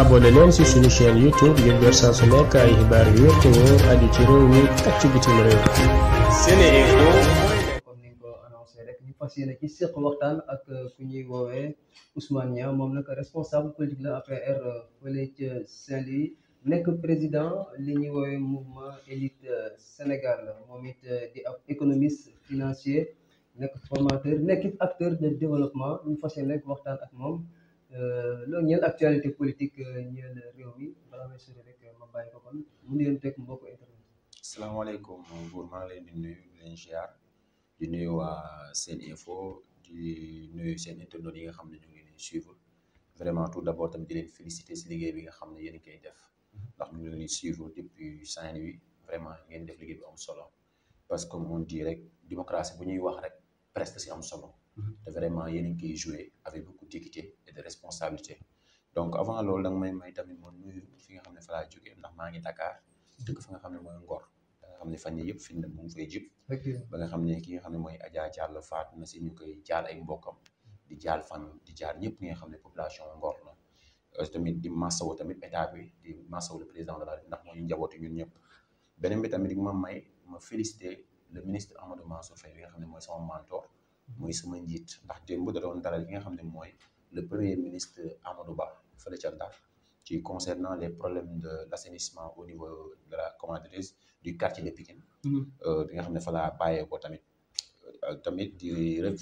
abonné leen ci suñu chaîne YouTube ngir jot saa su nekk ay xibaar yu wér ci réew mi ak ci bitim réew. ko annoncé rek ñu fas yéene ci seq ak euh, ku ñuy woowee Ousmane Niang moom nag responsable politique la APR euh, fële ca saint nekk président li ñuy woowee mouvement élite euh, Sénégal moom it di ab économiste financier nekk formateur nekk acteur de développement ñu fas yéene waxtaan ak moom. Euh, loolu ñeel actualité politique euh, ñeel réew mi balaa may sori rek euh, ma bàyyi ko kon mu ngi leen mbokk internet. salaamaaleykum Mbour maa ngi leen di nuyu di leen ziar di nuyu waa seen info di nuyu seen internautes yi nga xam ne ñu ngi leen vraiment tout d' abord tamit di leen féliciter si liggéey bi nga xam ne yéen koy def ndax ñu ngi leen suivre depuis Saint-Louis vraiment ngeen def liggéey bi am solo parce que comme on dit rek démocratie bu ñuy wax rek presque si am solo. te vraiment yéen a ngi koy joué avec beaucoup d'équité et de responsabilité donc avant loolu da may may tamit ma nga xam ne fa laa jógee ndax maa ngi Dakar dëkk fa nga xam ne mooy Ngor da nga xam yëpp fi mu ne mu ngi ba nga xam ne ki nga xam ne mooy Adja Diallo faat na si ñu koy jaal ay mbokkam di jaal fan di jaal ñëpp ñi nga xam ne population Ngor la euh, tamit di masawu tamit état bi di masawu le président de la ndax mooy njabootu ñun ñëpp bi tamit di ma may ma féliciter le ministre Amadou Mansour Faye nga xam ne mooy sama mooy sama njiit ndax démb da doon dalal ki nga xam ne mooy le premier ministre Amadou Ba fële ca Ndar ci concernant les problèmes de l'assainissement au niveau de la comment dirais-je de Pikine mm-hmm. euh, bi nga xam ne fa laa ko tamit euh, tamit di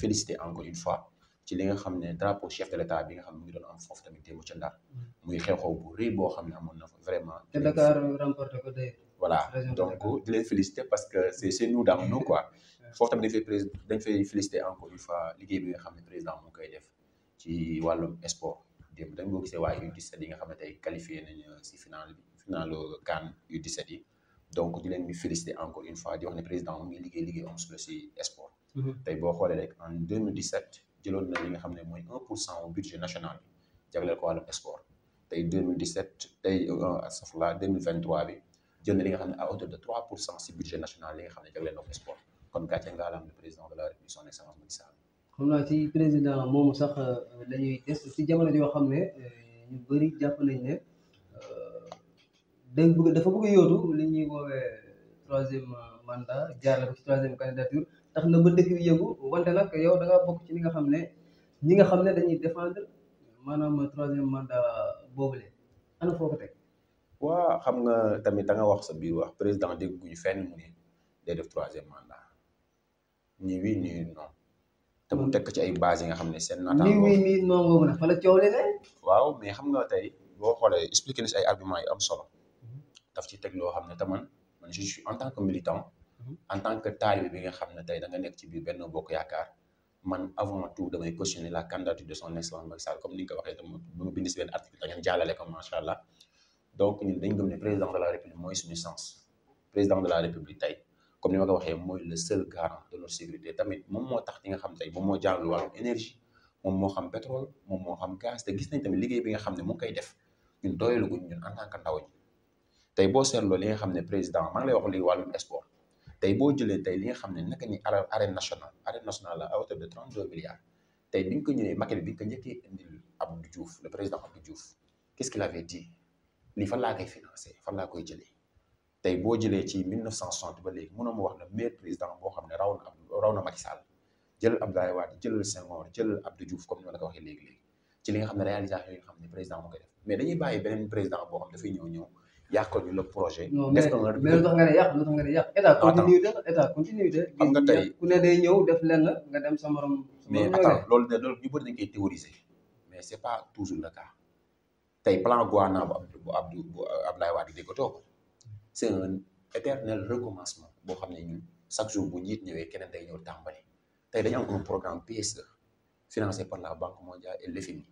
féliciter encore une fois ci li nga xam ne drapeau chef de l'État bi nga xam ne mu ngi doon tamit démb ca Ndar mm-hmm. muy xew-xew bu rëy boo xam ne amoon na fa vraiment te Dakar remporté ko voilà donc parce que c'est chez nous dans nous quoi foofu tamit dañ fay prés dañ fay félicité encore une fois liggéey bi nga xam ne président mu ngi def ci wàllu sport dañ boo gisee waa U17 yi nga xam ne tey qualifié nañu si final bi finalu CAN U17 di wax ne président mu ngi liggéey liggéey am solo si sport. Mm-hmm. tey boo xoolee rek en 2017 jëloon na li nga xam ne mooy 1 pour cent au budget national bi ko wàllu sport tey 2017 tey euh, astafurlah 2023 bi jël na li nga xam ne à hauteur de li nga xam ne jagleel na ko sport. kon gàcce nga alam le président de la république son excellence Macky Sall. xam naa ci président moomu sax euh, la ñuy des ci jamono yoo xam ne euh, ñu bëri jàpp nañ ne euh, dañ bëgg dafa bëgg yóotu li ñuy woowee troisième mandat jaarale ko ci troisième candidature tax na ba dëkk bi yëngu wante nag yow da bokk ci li nga xam ne ñi nga xam ne dañuy défendre maanaam troisième mandat boobule ana foo ko teg. waa xam nga tamit da nga wax sa biir wax président dégguñu fenn mu ne day def troisième mandat ni oui hmm. ni non te mu hmm. tekk ci ay base yi nga xam ne seen naataango ni oui ni non boobu nag waaw mais xam nga tey boo xoolee expliqué na si ay argument yu am solo hmm. daf ci teg loo xam ne te man man je suis en tant que militant en tan que taalibe bi nga xam ne tey da nga nekk ci biir benn bokk yaakaar man avant tout damay cautionner la candidature de son excellence Macky Sall comme ni nga waxee dama ma bind si benn article da ngeen ko macha allah donc ñun dañ gëm ne président mooy suñu sens président de la république tey comme ni ma waxee mooy le seul garant de notre sécurité tamit moom moo tax ñi nga xam tey moom moo jàng wàllu énergie moom moo xam pétrole moom moo xam gaz te gis nañ tamit liggéey bi nga xam ne mu ngi koy def ñun doyalaguñ ñun en tant que ndaw ñi tey boo seetloo li nga xam ne président maa ngi lay wax li wàllum sport tey boo jëlee tey li nga xam ne naka ni arène nationale arène nationale la à hauteur de 32 milliards tey bi ñu ko ñëwee Macky bi ñu ko njëkkee indil Abdou Diouf le président Abdou Diouf quest fan laa koy laa koy jëlee tey boo jëlee ci 1960 ba léegi mënoo ma wax na meilleur président boo xam ne raw na raw na Macky Sall jëlal Abdoulaye Wade Senghor jëlal Abdou Diouf comme ni ma la ko waxee léegi léegi ci li nga xam ne réalisation yi nga xam ne président moo koy def mais dañuy bàyyi beneen président boo xam dafay ñëw ñëw yàqal ñu le projet. def ko mais mais lu tax nga ne yàq lu tax xam nga tey ku ne day ñëw def lenn nga dem sa mais attends loolu de loolu ñu bëri dañ koy théoriser mais c'est pas toujours le cas tey plan Gouana bu c'est un éternel recommencement boo xam ne ñun chaque jour bu ñiit ñëwee keneen day ñëw tàmbali tey dañu am un programme PSE financé par la Banque mondiale et l'FMI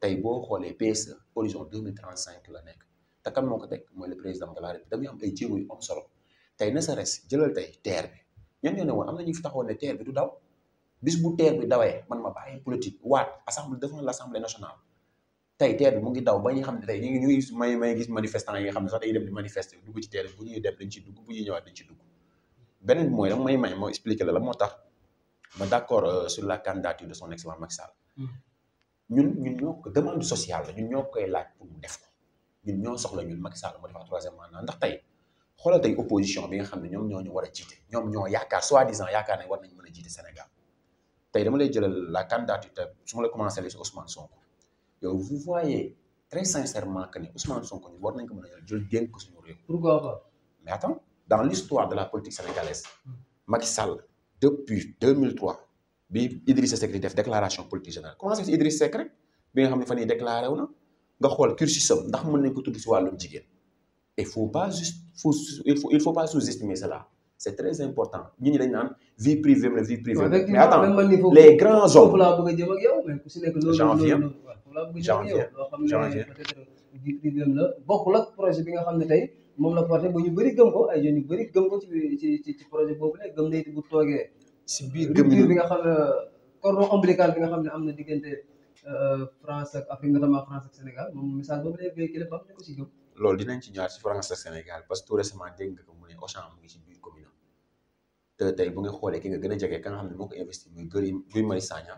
tey boo xoolee PSE horizon 2035 la nekk te kan moo ko teg mooy le président de la République dañu am ay jéego yu am tey ne sa res jëlal tey TER bi ñan ñoo ne woon am na ñu fi taxawoon ne TER bi du daw bis bu TER bi dawee man ma bàyyi politique waat assemblée devant l'Assemblée nationale tey teer bi mu ngi daw ba ñu xam ne tey ñu ngi ñu ngi may may gis manifestant yi nga xam ne sax dañuy dem di manifester dugg ci teer bi bu ñuy dem dañ ci dugg moo tax ma d'accord euh, sur la candidature de son excellence Macky Sall hmm. ñun ñun ñoo ko demande sociale la ñun ñoo laaj pour mu def ko ñun ñoo soxla ñun Macky ndax tey xoolal tey opposition bi nga xam ne ñoom ñoo ñu war ñoom ñoo yaakaar soi-disant yaakaar nañ war nañ a jiite Sénégal tey dama lay jëlal la candidature te su ma la commencé la si Ousmane Sonko yow vous voyez très sincèrement que ne Ousmane Sonko war nañ ko mën a jël jël dénk ko suñu réew. mais attends dans l'histoire de la politique sénégalaise. Hmm. Macky Sall depuis 2003 bi Idrissa Seck di def déclaration politique générale commencé ci Idrissa Seck rek bi nga xam ne fan yii déclaré na nga xool cursusam ndax mën nañ ko tudd ci wàllum jigéen. il faut pas juste il faut pas sous-estimer c'est très important ñun ñi dañ naan vie privée janvier janvier la bokkul ak projet bi nga xam ne tey moom la porté ba ñu bëri gëm ko ay jeunes yu bëri ko ci ci projet boobu ne gëm nayti bu toogee si biir euh, gëm bi nga xam ne cordon ombilical bi nga xam ne am na diggante euh, France ak Afrique notamment France ak Sénégal moom message boobu lay véhiculé ba ne ko si gëm loolu dinañ ci ñëwaat si France ak Sénégal parce que tout récemment dégg nga ko mu ne Auchan mu ngi ci biir commune te tey bu nga xoolee ki nga gën a jege ka nga xam ne moo ko investi muy Guy Marius Sagna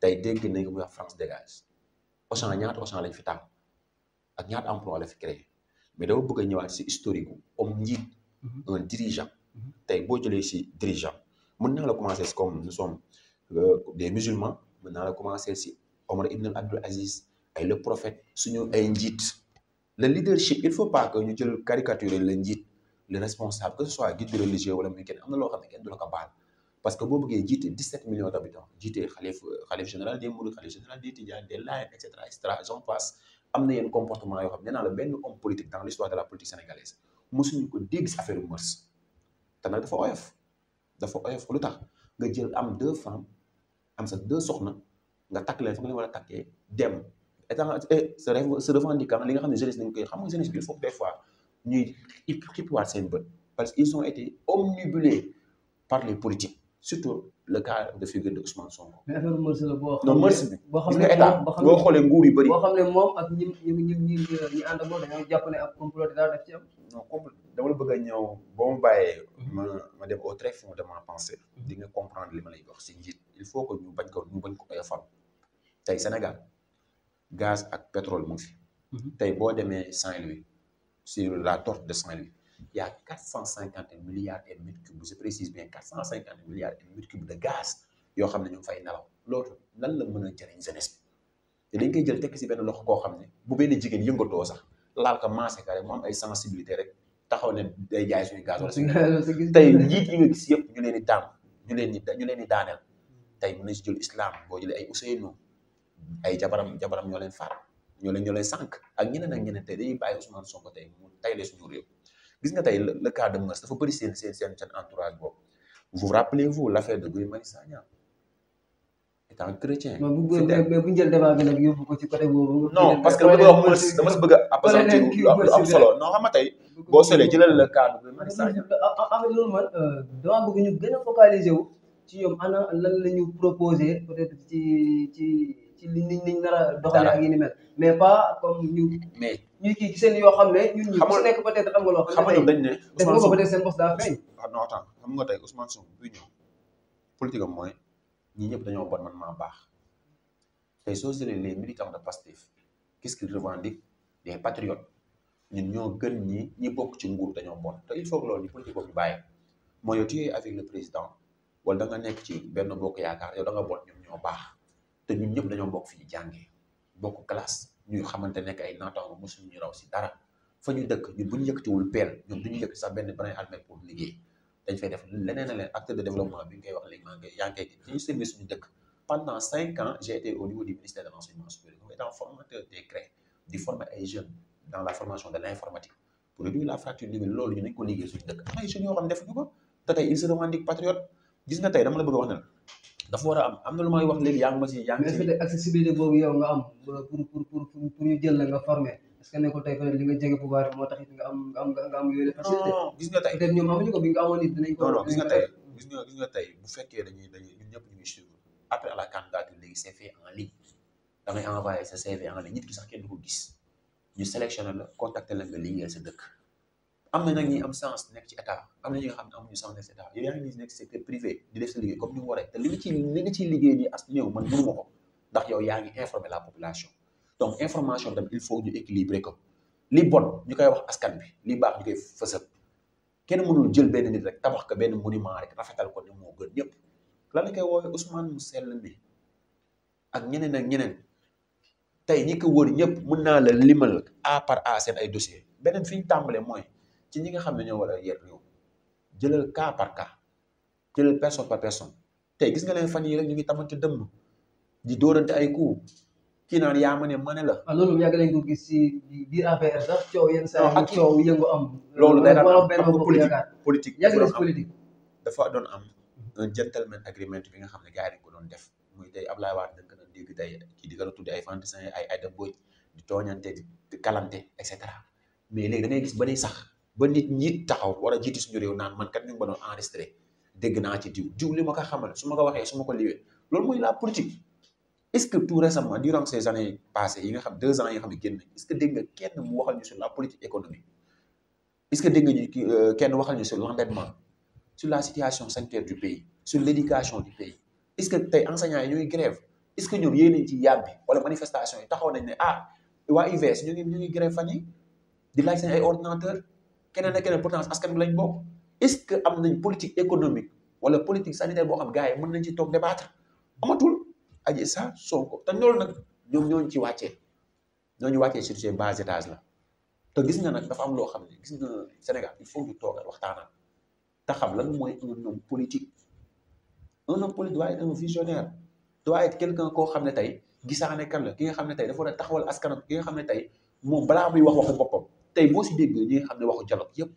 tey dégg nañ ko muy wax France dégage Auchan ñaata Auchan lañ fi taal ak ñaata emploi la fi mais dama bëgg a ñëwaat si historique homme njiit mhm. un dirigeant mhm. tey boo jëlee si dirigeant mën naa la commencé si comme nous sommes euh, des musulmans mën naa la commencé si Omar Ibn Abdul Aziz ay le prophète suñu ay njiit le leadership il faut pas que ñu jël caricature le njiit le responsable que ce soit guide religieux wala muy kenn am na loo xam ne kenn du la ko baal parce que boo bëggee jiite 17 millions d'habitants jiite xalif xalif général des Mourides xalif général des Tidianes des Layènes et cetera et cetera am na yenn comportement yoo xam ne nee naa la benn de dafa oyof lu tax nga jël am deux femmes am sa deux soxna nga takk leen fa nga leen war a takkee dem étant se revendiquant li nga xam ne jeunesse nañ koy xam nga jeunesse bi il faut des fois ñuy xippiwaat seen bët parce qu'ils ont été omnibulés par les surtout le cas de figure de Ousmane Sonko. mais affaire mërs la boo. xam ne non mërs bi gis nga état boo xoolee nguur yu bëri. boo xam ne moom ak ñi ñi ñi ñi ñi ànd ak moom dañoo jàpp ne ab complot dina def ci am. non complot dama la bëgg a ñëw boo ma bàyyee. ma ma dem au très fond de ma pensée. di nga comprendre li ma lay wax si njiit il faut que ñu bañ ko ñu bañ ko koy fal. tey Sénégal gaz ak pétrole mu ngi fi. Mhm. tey boo demee Saint-Louis sur la torte de Saint-Louis. yaa y a 450 milliards de mètres cubes je précise bien 450 milliards de mètres de gaz yoo xam ne ñu ngi fay nelaw loolu lan la mën a jëriñ jeunesse bi te jël tekk si benn loxo koo xam ne bu benn jigéen yëngatoo sax laal ko maase ka rek mu am ay sensibilité rek taxaw ne day jaay suñu gaz tey njiit yi nga gis yëpp ñu leen di tàmm ñu leen di ñu tey mën nañ si jël islam boo jëlee ay Ousseynou ay jabaram jabaram ñoo leen faat ñoo leen ñoo leen sànq ak ñeneen ak ñeneen te dañuy bàyyi Ousmane Sonko tey mu tayle suñu réew gis nga tey le cas de Mass dafa bëri seen seen seen seen entourage boobu vous rappelez-vous l'affaire de Guy Marius Sagna étant bi nag bëgg a wax bëgg a appesantir lu am solo boo solee jëlal le cas de Guy Marius ah, ah, euh, dama bëgg ñu gën a focaliser ci ñoom ana lan ñu proposé peut ci. ci liñ liñ liñ nar a doxalee ak yi ni mel mais pas comme mais ñu kii ci seen yoo xam ne. ñun ñu ku nekk peut-être am nga loo xam ne dañ ne def nga ko peut-être seen bos daa feeñ. waaw ah non attends xam nga tey Ousmane Sonko buy ñëw politique am mooy ñi ñëpp dañoo bon man maa baax tey soo jëlee les militants de Pastef qu'est-ce qu'ils revendiquent des ñun ñoo gën ñi ñi bokk ci nguur dañoo bon te il faut que loolu ñu politique boobu ñu bàyyi mooy yow tu es avec le président wala da nekk ci benn bokk yaakaar yow da nga ñoom ñoo baax te ñu ñëpp dañoo bokk fi ñu bokk classe ñuy xamante nekk ay naataango mosuñu ñu raw si dara fa ñu dëkk ñun bu ñu yëkkatiwul peel ñun du ñu yëkkati sax benn brin armé pour liggéey dañ fay def leneen leneen acte de développement bi ngay wax léegi maa ngi dëkk pendant cinq ans j'ai été au niveau du ministère de l'enseignement supérieur comme étant formateur des de l'informatique pour réduire la fracture numérique loolu ñu nañ liggéey suñu dëkk am ay yoo xam ne defuñu ko te tey ils se revendiquent gis nga tey dama la bëgg wax ne dafa war a am am na lu may léegi yaa ngi ma si yaa ngi mais est-ce que accessibilité boobu yow nga am pour pour nga formé est tey li nga jege pouvoir moo tax it nga am gis nga tey peut-être ñoom amuñu ko bi nga amoon it dinañ ko tey bu fekkee dañuy dañuy ñun ñëpp ñu ngi suivre après à la candidature léegi c'est fait sax kenn du ko gis ñu sélectionné la contacté la nga liggéeyal sa dëkk am na nag ñi am chance nekk ci état am na ñi nga xam ne amuñu chance nekk ci état yow yaa ngi nekk secteur privé di def sa liggéey comme ni mu te li nga ci liggéey nii as néew man mënu ma ko ndax yow yaa ngi informer la population donc information tam il faut ñu équilibrer ko li bon ñu koy wax askan bi li baax ñu koy fësal kenn mënul jël benn nit rek tabax ko benn monument rek rafetal ko ne moo gën ñëpp lan la koy woowee Ousmane mu sell mi ak ñeneen ak ñeneen tey ñi ko wër ñëpp mën naa la limal à part à seen ay dossier fi ñu tàmbalee mooy ci ñi nga xam ne ñoo war a yer réew jëlal cas par cas jëlal personne par personne tey gis nga leen fan yii rek ñu ngi tamante dëmm di dóorante ay coups kii naan yaa ma ne ma ne la. waaw ah, loolu nañ ko gis si biir APR sax coow yenn saa yi coow yëngu loolu day daan am politique politique yàgg na si politique. dafa doon am un gentleman agreement bi nga xam ne gars yi dañ ko doon def mooy tey Ablaye Wade da nga gën a dégg tey kii di gën a tudd ay fantaisins ay ay dem di tooñante di kalante et cetera mais léegi dangay gis ba day sax. ba nit ñi taxaw war a jiiti suñu réew naan man kat ñu ngi ma doon enregistré dégg naa ci diw diw li ma ko xamal su ma ko waxee su ma ko liwee loolu mooy la politique est-ce que tout récemment durant ces yi nga xam deux ans yi nga xam ne génn est-ce que dégg nga kenn mu waxal ñu sur la politique économique est-ce que dégg ñu euh, kenn waxal ñu sur l'endettement sur la situation sanitaire du pays sur l'éducation du pays est-ce que tey enseignants yi ñooy grève est-ce que ñoom yéen nañ ci yàbbi wala manifestation ne ah waa UVS ñu ngi di laaj seen keneen ak keneen pourtant askan bi lañ bokk est-ce que am nañ politique économique wala politique sanitaire boo xam gaa yi mën nañ ci toog débattre amatul aji sa Sonko te loolu nag ñoom ñooñu ci wàccee ñooñu wàccee sur ces bas la te gis nga nag dafa am loo xam ne gis nga Sénégal il faut ñu toogal waxtaanal te xam lan mooy un homme politique un homme politique doit être un visionnaire doit être quelqu'un koo xam ne tey gisaane kan la ki nga xam ne tey dafa taxawal askanam ki nga xam ne tey moom balaa muy wax waxu boppam tey boo si dégg ñi nga xam ne waxu dialogue yëpp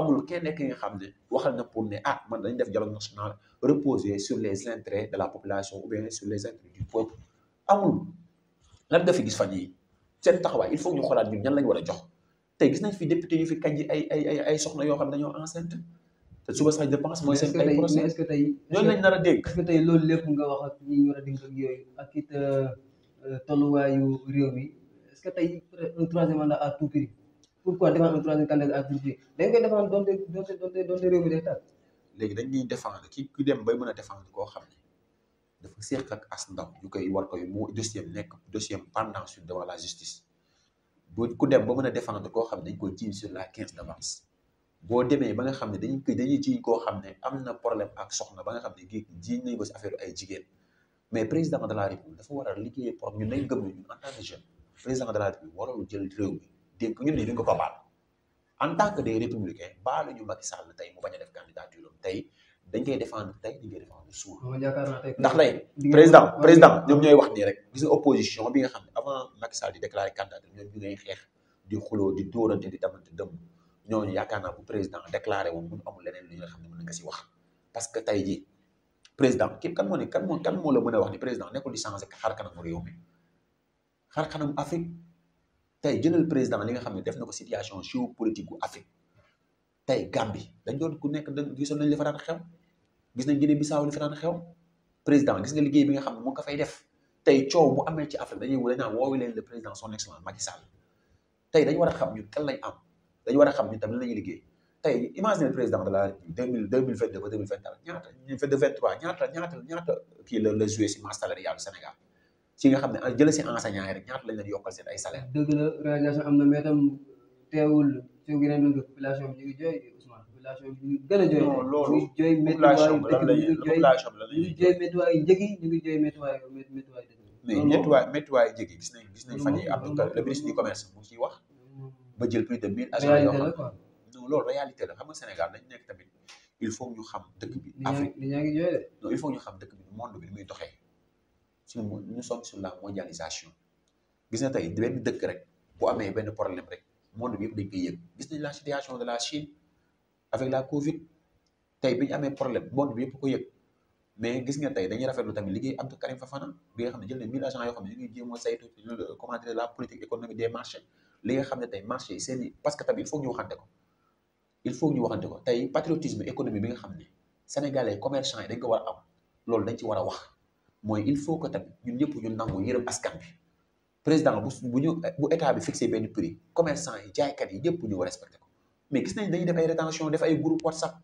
amul kenn ki nga xam ne waxal na pour ne ah man dañu def dialogue national reposé sur les intérêts de la population ou bien sur les intérêts du peuple amul lan nga fi fan yi seen taxawaay il faut ñu xolaat ñun ñan lañ war a jox te gis nañ fi député yu fi kañ yi ay ay ay soxna yoo xam ne dañoo enceinte te suba sax dépense mooy seen ay procès est-ce que tey ñooñu lañ nar a dégg est tey loolu lépp nga wax ak ñi ñu war a dégg ak yooyu ak it euh, euh, tolluwaayu réew mi est-ce que tey un troisième mandat à tout prix pourquoi défendre un troisième candidat à Bourg-Gueye dañ koy défendre donte donte donte léegi dañuy défendre ki ku dem bay mën a défendre koo xam ne dafa seq ak as ndaw ñu koy war koy mu dossier nekk dossier pendant sur devant la justice boo ku dem ba mën a défendre koo xam ne dañ koy jiiñ sur la quinze d'avance boo demee ba nga xam ne dañuy dañuy jiiñ koo xam ne am na problème ak soxna ba nga xam ne gi jiiñ nañ ko affaire ay jigéen mais président de la république dafa war a liggéey pour ñun nañ gëm ñu en tant président de la république warul jël réew mi dégg ñun dañu ko ko baal en tant que des républicains baalu ñu Macky Sall tey mu bañ a def candidature am tey dañ koy défendre tey dañ koy défendre suur ndax lay président président ñoom ñooy wax nii rek gis nga opposition bi nga xam ne avant Macky Sall di déclarer candidature ñoom ñu ngay xeex di xuloo di dóorante di yaakaar naa bu président déclaré woon mun amul leneen li nga xam ne mën nga si wax parce que tey ji président képp kan moo ne kan moo kan moo la mën a wax ni président nekkul di changé tey jëlal président li nga xam ne def na ko situation géopolitique gu Afrique tey Gambie dañ doon ku nekk gisoon nañ li fa daan xew gis nañ Guinée Bissau li fa daan xew président gis nga liggéey bi nga xam ne moo ko fay def tey coow bu amee ci Afrique dañuy wala naan woowu leen le président son excellence Macky Sall tey dañu war a xam ñun kan lañ am dañu war a xam ñun tamit lañuy liggéey tey imagine président de la République deux mille deux mille vingt deux ba deux mille vingt quatre ñaata ñu vingt trois ñaata ñaata ñaata kii la la joué si masse salariale ci nga xam ne jëla si enseignant yi rek ñaata lañ leen yokkal seen ay salaire dëgg la réalisation am na mais tam teewul soo gën a dund population bi ñu ngi jooy Ousmane population bi ñu gën a jooy loolu ñu jooy métuwaay dëkk bi ñu ngi jooy ñu jooy métuwaay njëg yi ñu ngi jooy métuwaay métuwaay dëkk mais métuwaay métuwaay njëg yi gis nañ gis nañ fan yi Abdou le ministre du commerce mu ciy wax ba jël plus de mille agents yoo xam non loolu réalité la xam nga Sénégal dañ nekk tamit il faut ñu xam dëkk bi Afrique non il faut ñu xam dëkk bi monde bi ni muy doxee sur nous sommes sur la mondialisation gis na tey benn dëkk rek bu amee benn problème rek monde bi yëpp dañ gis nañ la situation de la Chine avec la Covid tey bi ñu amee problème monde bi yëpp ko yëg mais gis nga dañu rafet rafetlu tamit liggéey Abdou Karim Fafana bi nga xam ne jël na mille agents yoo xam ne ñu ngi jéem a saytu comment dire la politique économique des marchés li nga xam ne tey marché yi parce que tamit il faut ñu waxante ko il faut ñu waxante ko tey patriotisme économie bi nga xam ne sénégalais commerçant yi dañ ko war a am loolu dañ ci war a wax mooy il faut que tamit ñun ñëpp ñu nangu yërëm askan bi président bu bu ñu bu état bi fixé benn prix commerçant yi jaaykat yi ñëpp ñu respecté ko mais gis nañ dañuy def ay rétention def ay groupe whatsapp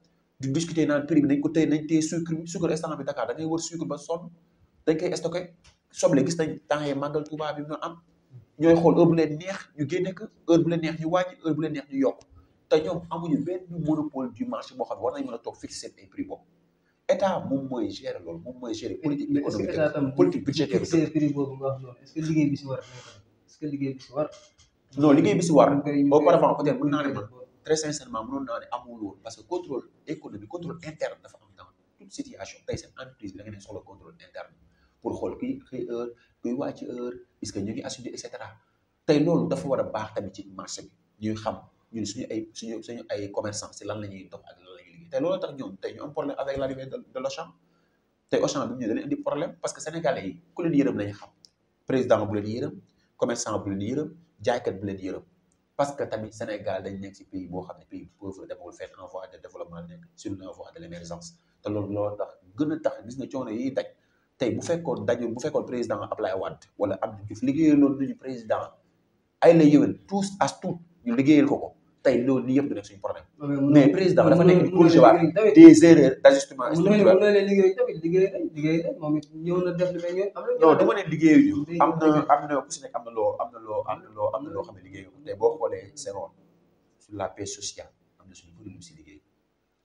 di discuter naan prix bi nañ ko tëye nañ téye sucre bi sucre instant bi Dakar da ngay wër sucre koy stocké soble gis nañ temps yi màggal Tuubaa bi mu am ñooy xool heure bu leen neex ñu génne ko heure bu leen neex ñu wàññi heure bu leen neex ñu yokk te ñoom amuñu benn monopole du marché boo xam ne war nañ mën a toog fixé seen boobu état moom mooy gérer loolu moom mooy gérer politique économique politique que liggéey bi si war est-ce que liggéey bi naa ne man très sincèrement mënoon naa ne amul parce que contrôle économique contrôle interne dafa am dans toute situation tey seen entreprise bi da soxla contrôle interne pour xool kuy heure kuy wàcc heure est que ñu ngi assuré et cetera tey loolu dafa war a baax tamit ci marché bi ñuy xam ñun suñu ay suñu suñu ay commerçant si lan la ñuy ak bi te loolu tax ñoom tey ñu am problème ñu dañu indi parce que sénégalais yi ku leen yërëm lañu xam président bu leen yërëm commerçant bu leen yërëm jaaykat bu leen yërëm parce que tamit Sénégal dañ nekk ci pays boo xam ne pays pauvre demagul fenn en voie de développement nekk sur la voie de l'émergence te loolu loolu tax gën a tax gis nga coono yiy daj tey bu fekkoon daju bu fekkoon président Ablaye Wade wala Abdou Diouf liggéeyaloon nañu président ay la yëwén tous as tout ñu liggéeyal ko ko tey loolu lii yëpp du nekk suñu problème mais président dafa nekk di corrigé waat des erreurs d' ajustement structurel non dama ne liggéeyuñu am na am na ku si nekk am na loo am na loo am na loo am na ne boo xoolee Senghor la paix sociale am na suñu bëri lu si liggéey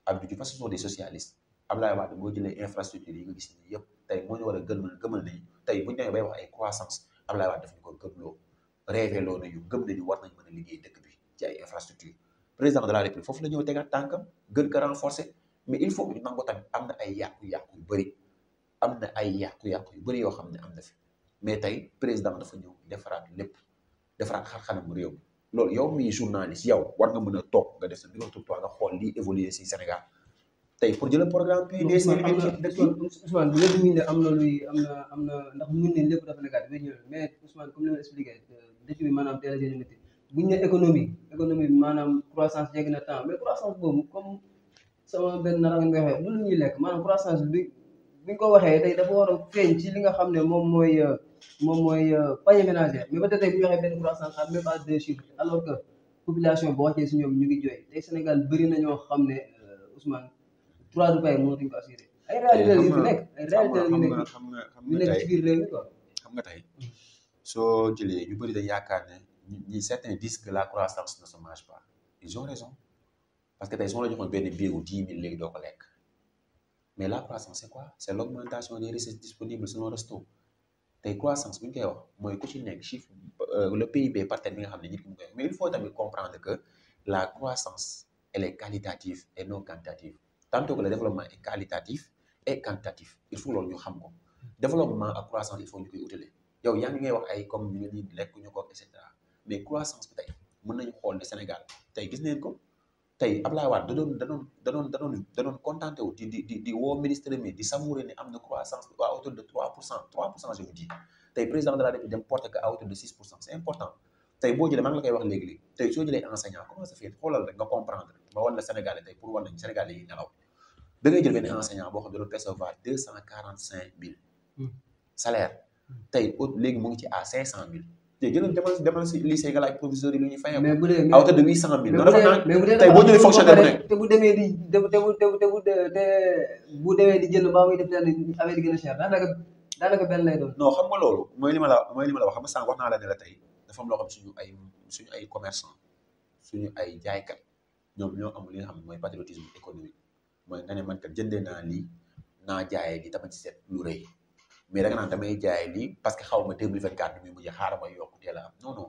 Abdou Diouf parce que ce sont des socialistes Abdoulaye Wade boo jëlee infrastructure yi nga gis nii yëpp tey moo ñu war a gëmal gëmal nañu tey bu ñu demee bay wax ay croissance Abdoulaye Wade daf ñu ko gëmloo lool loo nañu gëm nañu war nañ mën a liggéey dëkk ci ay infrastructure président de la foofu la ñëw tegaat tànkam gën ko renforcer mais il faut ñu nangu tamit am na ay yàqu-yàqu yu bëri am na ay yàqu-yàqu yu bëri yoo xam ne am na fi mais tey président dafa ñëw defaraat lépp defaraat xar-xanamu réew mi loolu yow mii journaliste yow war nga mën a toog nga def sa bureau tout nga xool lii évoluer si Sénégal tey pour jël programme PUDC. Ousmane bu ngeen ne am na na am na comme ni ma expliqué dëkk bu ñu ne économie économie bi maanaam croissance jéggi na temps mais croissance boobu comme sama benn nara nga waxee mën nañuy lekk maanaam croissance bi bi ko waxee tey dafa war a feeñ ci li nga xam ne moom mooy moom mooy panier ménager mais ba tey tey bu ñu waxee benn croissance à même à ñu ngi jooy tey Sénégal bëri na ñoo xam ne euh, Ousmane trois du pays mënatuñ ko assuré. xam nga xam nga xam nga tey soo jëlee ñu bëri dañ yaakaar ne. certains disent que la croissance ne se mange pas ils ont raison parce que tey su la joxoon benn billet wu dix doo ko lekk mais la croissance c'est quoi c'est l'augmentation des richesses disponibles selon resto tey croissance bu ñu koy wax mooy ku ci nekk chiffre euh, le PIB par tête bi nga xam ne nit ki mu koy wax mais il faut tamit comprendre que la croissance elle est qualitative et non quantitative tantôt que le développement est qualitatif xam ko développement ak croissance lekk ñu ko et cetera mais croissance bi tey mën nañu xool ne Sénégal tey gis neen ko tey Ablaye Wade da doon da doon da doon da doon da doon wu di di di woo ministre mi di savourer ne am na croissance à hauteur de 3 pour cent 3 pour cent je vous dis tey président de la République dem porté que à hauteur de 6 pour cent c'est important tey boo jëlee maa ngi la koy wax léegi-léegi tey soo jëlee enseignant comment ça xoolal rek nga comprendre ba wan la Sénégalais tey pour wan nañ yi nelaw da ngay jël benn enseignant boo xam ne doon percevoir 245 000 hmm. salaire léegi mu ngi ci à 500 000 te gën a demal demal si lycée nga laaj proviseurs yi lu ñuy fayam. mais bu dee à hauteur de huit bu nekk. demee di te bu te bu te muy def lenn a cher daanaka daanaka benn lay doon. non xam nga loolu mooy li ma la mooy li ma la wax xam nga sànq wax naa la ne la tey dafa am loo xam suñu ay suñu ay commerçant suñu ay ñoom ñoo am li nga xam ne mooy patriotisme économique mooy nga ne man kat jëndee naa lii naa jaayee di dama ci seet lu rëy mais da nga naan damay jaay lii parce que xaw ma 2024 bi mu mujj xaaral ma yokk teel a am non non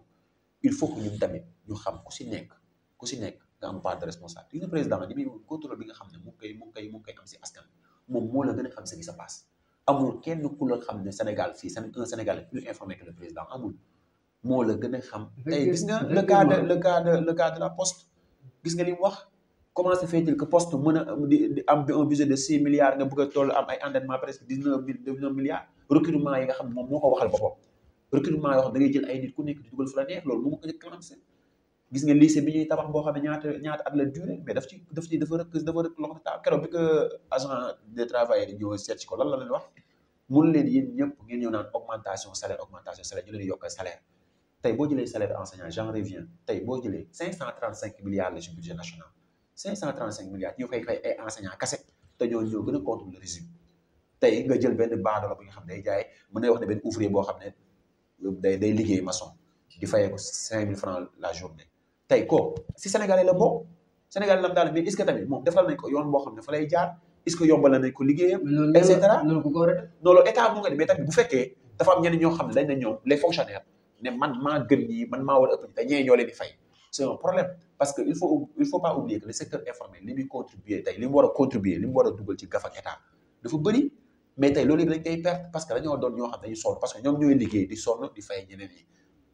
il faut que ñun tamit ñu xam ku si nekk ku si nekk nga am part de responsabilité le président di muy contrôle bi nga xam ne mu ngi koy mu ngi koy mu ngi koy am si askan moom moo la gën a xam ce qui se amul kenn ku la xam ne Sénégal fii un Sénégalais plus informé que le président amul moo la gën a xam tey gis nga le cas de le cas de le cas la poste gis nga li wax comment se fait-il que poste mën a di am un budget de six milliards nga bëgg a toll am ay endettement presque dix neuf milliards recrutement yi nga xam ne moom moo ko waxal boppam recrutement yoo xam da ngay jël ay nit ku nekk di dugal fu la neex loolu moo ko njëkk clamse gis bi ñuy agent de travail di ñëw ci ko lan la leen wax mun leen yéen ñëpp ngeen ñëw naan augmentation salaire augmentation salaire ñu leen di salaire tey boo jëlee salaire enseignant j'en reviens tey boo cinq cent trente cinq milliards ñu koy fay enseignants kese te ñoo ñoo gën a contre le régime tey nga jël benn baa bi a xam ne day boo xam ne day day liggéey fayee ko cinq mille la journée tey ko si sénégalais la bokk ko yoon boo xam ne fa lay jaar est que yombal nañ ko liggéeyam et cetera non loolu état moo nga ne bu fekkee dafa am ñenn ñoo xam ne dañ na ñoom les fonctionnaires ne man maa gën ñii man maa war a ëpp ñi te ñee ñoo leen fay c'est un problème parce que il faut il faut pas oublier que le secteur informel li muy contribuer tey li mu a contribuer li mu war dugal ci gafak état dafa bëri mais tey loolu yëpp dañ koy perte parce que dañoo doon ñoo xam dañuy sonn parce que ñoom ñooy liggéey di sonn di fay ñeneen yi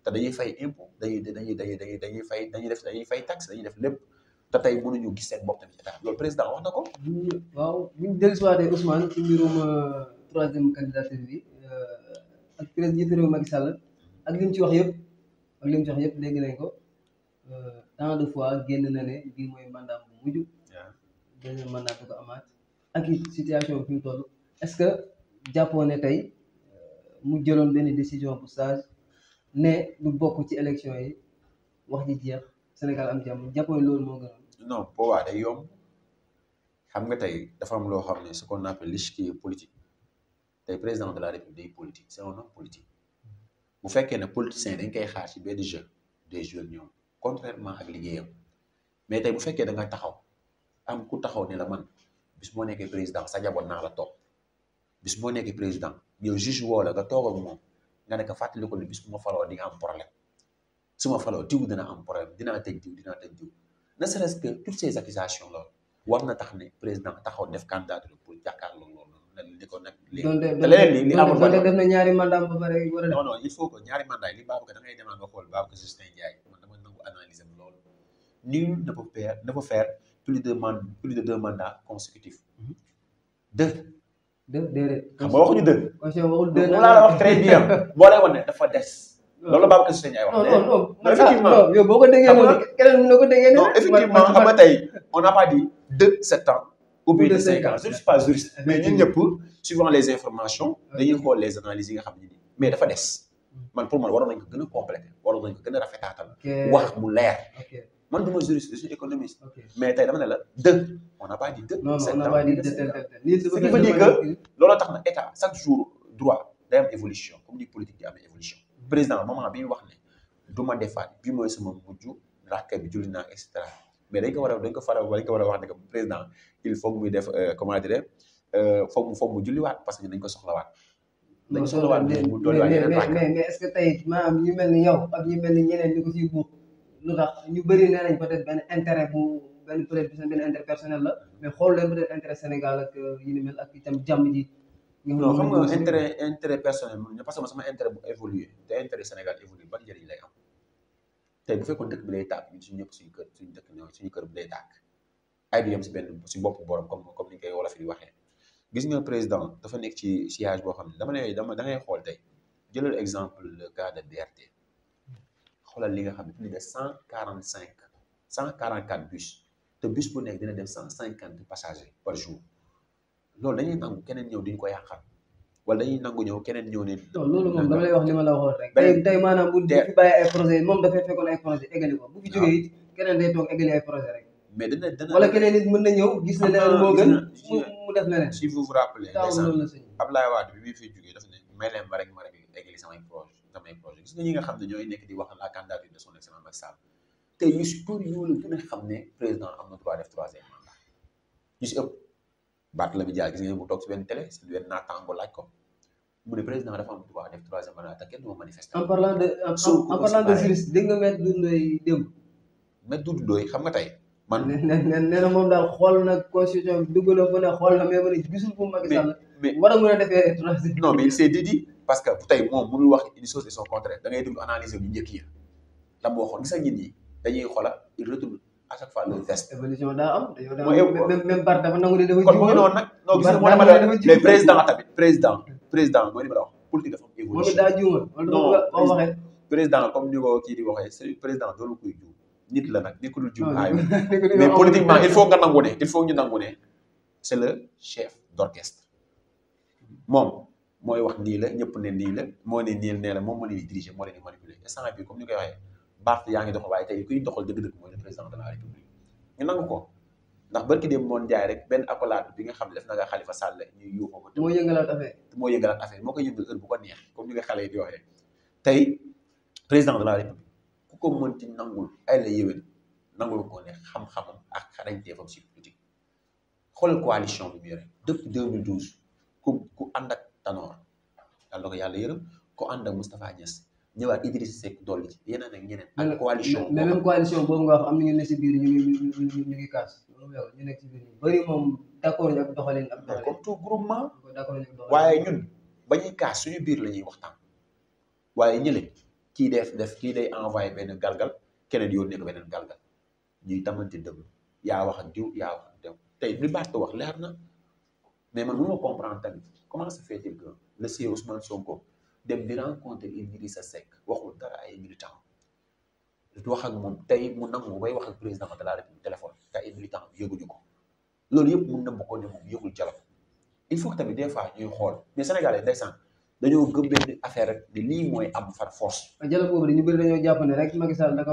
te dañuy fay impôt dañuy dañuy dañuy dañuy fay dañuy def dañuy fay taxe dañuy def lépp te tey ñu gis seen bopp tamit état loolu président wax na ko. waaw bu ñu dellusiwaatee Ousmane ci mbirum euh, troisième candidature bi euh, ak président jiitu réew Macky Sall ak li ci wax yëpp ak li mu ci wax nañ ko. Euh, tant de fois génne na ne bii mooy mandat bu mujj. deuxième mandat bu ko amaat ak it situation fi mu est-ce que jàppoo ne tey euh, mu jëloon benn décision bu sage ne du bokk ci élection yi wax ji jeex Sénégal am jàmm jàppoo ne loolu moo gën non boobaa day yomb xam nga tey dafa am loo xam ne ce qu'on appelle l'échiquier politique tey président de la république day politique c'est un homme politique mm-hmm. bu fekkee ne politicien dañ koy xaar ci benn jeu des jeunes ñoom. contrairement ak liggéeyam mais tey bu fekkee da taxaw am ku taxaw ne la man bis moo nekkee président sa jaboot naa la topp bis moo nekkee président yow juge woo la nga toog moom nga ne ko fàttali ko ne bis bu ma faloo di nga am problème su ma faloo diw dina am problème dinaa tëj diw dinaa tëj diw ne serait-ce que toutes accusations la war na tax ne président taxaw def candidature pour jàkkaarloo loolu li ko te leneen li amul def na ñaari mandat ba pare non il faut que ñaari mandat li baax da ngay demal xool baax ko Justin Ndiaye nul ne peut faire ne peut faire plus de man plus de deux mandats consécutifs. deux. deux déedéet. xam nga waxuñu deux. monsieur waxul deux la wax très bien. boo lay wane dafa des. loolu la Babacar Seye Ndiaye wax. boo ko déggee noonu keneen ko déggee non effectivement xam tey on n'a pas dit deux sept ans. ou bien de cinq ans je ne pas juriste. mais ñun ñëpp suivant les informations. dañuy xool les analyses yi nga xam ni nii mais dafa des. Mm. man pour man waroon nañ ko gën a compléter waroon nañ ko gën a rafetaatal. wax mu leer. man du ma juriste je économiste. mais tey dama ne la deux on n'a pas dit deux. non non on n'a pas dit deux tax na état chaque jour droit day am évolution comme ni politique di amee évolution. Mm-hmm. président moment bi ñu wax ne du ma defaat bi mooy sama mujj rakkay bi julli naa et cetera mais dañ ko war a dañ ko faral a président il faut muy def euh, comment dire euh, foog mu foog mu parce que dañ dañ ko soxlawaat mu dolliwaat yeneen mais mais est ce tey maanaam ñu mel ni yow ak lu tax ñu bëri nee nañ peut-être benn intérêt bu benn peut-être bu seen benn intérêt personnel la mais xool leen peut-être intérêt Sénégal ak euh, yi ni mel ak itam jàmm ji. non xam nga intérêt intérêt personnel moom parce que man sama intérêt bu évolué te intérêt Sénégal évolué ban njëriñ lay am tey bu fekkoon dëkk bi lay tàkk ñun suñu ñëpp suñu kër suñu dëkk ñoom suñu kër bi lay tàkk ay du yem si benn si bopp borom comme comme ni ñu koy wolof di waxee gis nga président dafa nekk ci siège boo xam ne dama ne dama da ngay xool tey jëlal exemple le cas de BRT xoolal li nga xam ne plus de cent quarante cinq cent quarante quatre bus te bus bu nekk dina def cent cinquante passagers par jour loolu dañuy nangu keneen ñëw duñ ko yàqal wala dañuy nangu ñëw keneen ñëw ne. non loolu moom dama wax li ma la waxoon rek. tey tey maanaam bu fi bàyyi ay projet moom dafay fekkoon ay projet égali bu fi jógee it ah. keneen day toog égali ay projet rek. mais dana dana mën na ñëw gis na moo gën ah, mu def bi muy fi jógee daf ne may leen ma rek ma rek égali am ay projet gis nga xam ne ñooy nekk di wax la candidature de son excellence Macky Sall te ñu pour ñoo la gën a xam ne président am na droit def troisième mandat ñu si ëpp Barthélémy Dias gis si benn télé si benn naataango laaj ko ne président dafa am def troisième mandat te kenn du ma en parlant de en parlant de juriste dégg nga Maître Doudou xam nga tey. man nee na moom daal xool na constitution dugg na fu ne xool na mais ma ne gisul fu Macky Sall. mais war a mën a defee troisième. non mais il s'est parce que tey moom mënul wax une chose et son contraire da ngay déglu analyser bu njëkk yi la mu waxoon gis nga nit ñi dañuy xoolal il retourne à chaque fois le test. daa am dañoo président tamit président président mooy li ma la wax comme ni ko kii di waxee c'est président doolu koy juum nit la nag nekkul juum aayu mais politiquement il faut nga nangu il faut ñu nangu c'est le chef d'orchestre moom. mooy wax nii la ñëpp ne nii la moo ne nii nee la moom moo leen di diriger moo leen di manipuler instant bi comme ni koy waxee Barth yaa ngi doxal waaye tey kuy doxal dëgg-dëgg mooy le président de la république ñu nangu ko ndax barki dem moon jaay rek benn accolade bi nga xam ne def na nga Khalifa Sall ñuy yuuxoo ko moo yëngalaat affaire moo yëngalaat affaire moo koy yëngal heure bu ko neex comme ni nga xale yi di waxee tey président de la république ku ko mënti nangul ay la yéwén nangul ko ne xam-xamam ak xarañteefam si politique xoolal coalition bi mu yore depuis 2012 ku ku ànd ak Tanor daal na ko yàlla yërëm ko ànd ak Moustapha Niass ñëwaat Idriss Seck dolli ci yeneen ak ñeneen. ak coalition boobu mais même boobu nga wax am na ñu ne si biir ñu ngi ñu ngi ñu ngi kaas ñu nekk si biir ñu bëri moom d' accord ñu ak doxalin ak comme tout groupement. waaye ñun ba ñuy suñu biir la ñuy waxtaan waaye ñële kii def def kii day envoyé benn galgal keneen yónnee ko beneen galgal ñuy tamante dëgg yaa wax ak diw yaa wax ak diw tey li wax leer na. mais man mënuma comprendre tamit comment se fait-il que le CEO Ousmane Sonko dem di rencontrer Idrissa Seck waxul dara ay militants wax ak tey mu nangu bay wax ak la République téléphone te ay militants ko loolu yëpp mun na bokkoon ne moom yëgul jalab il faut que tamit des fois ñuy xool mais Sénégalais ndeysaan dañoo gëm benn affaire rek ni lii mooy am far force. jàllab boobu dañu bëri dañoo jàpp rek Macky Sall da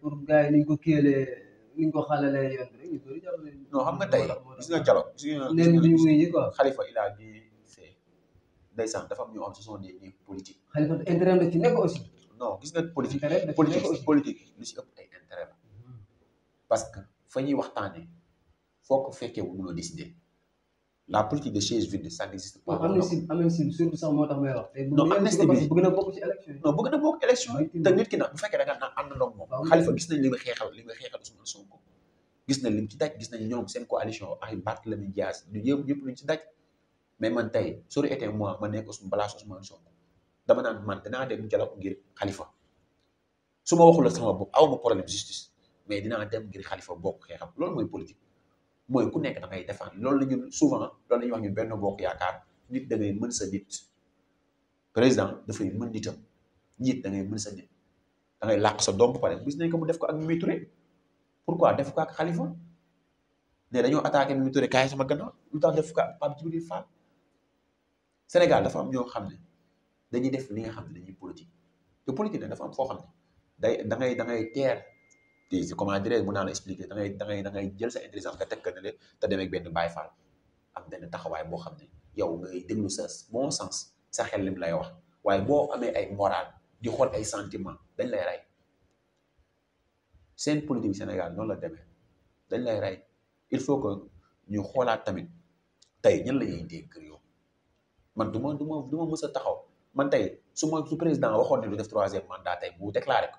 pour gars yi ko kéelee. ni ko xaalalee yoon bi rek ñu bëri non xam nga tey gis nga dialogue. gis nga nee nañu muy yi quoi. xalifa il a bien fait. ndeysaan dafa am ñu am ce sont des politiques. xalifa intérêt la ci nekk aussi. non gis nga politique politique politique lu si ëpp tey intérêt la. Mhm. parce que fa ñuy waxtaanee foo ko fekkee wu mënoo décider. la politique de chaise vide ça n'existe pas. amnistie amnistie surtout sax moo tax may wax. non amnistie na bokk ci élection na bokk moom. xalifa gis nañ li nga xeexal li nga xeexal Ousmane Sonko gis nañ li ci daj gis nañ ñoom seen coalition ay Barthélémy Dias ñu yëpp ñëpp luñ ci daj mais man tey sori été moi ma nekk Ousmane balaa Ousmane Sonko dama naan man danaa dem jalaw ngir xalifa su ma waxul sama bopp aw ma problème justice mais dinaa dem ngir xalifa bokk xeexal loolu mooy politique mooy ku nekk da ngay defar loolu la ñun souvent loolu la ñuy wax ñun benn bokk yaakaar nit da ngay mën sa nit président dafay mën nitam nit da ngay mën sa nit da ngay làq sa doom ba pare gis nañ ko mu def ko ak Mimi Touré pourquoi def ko ak Khalifa ne dañoo attaqué Mimi Touré kaay sama gannaaw lu tax def ko ak Pape Djibril Fall Sénégal dafa am ñoo xam ne dañuy def li nga xam ne dañuy politique te politique nag dafa am foo xam ne day da da ngay teer. te si comment dire mun naa la expliquer da ngay da ngay da ngay jël sa intelligence nga teg ko ne le te demee benn Baay Faal am benn taxawaay boo xam ne yow ngay déglu sa bon sens sa xel lim lay wax waaye boo amee ay moral di xool ay sentiment dañ lay rey seen politique Sénégal noonu la demee dañ lay rey il faut que ñuy xoolaat tamit tey ñan la ñuy dégg yow man du ma du ma du ma a taxaw man tey su ma su waxoon ne du def troisième mandat tey bu déclaré ko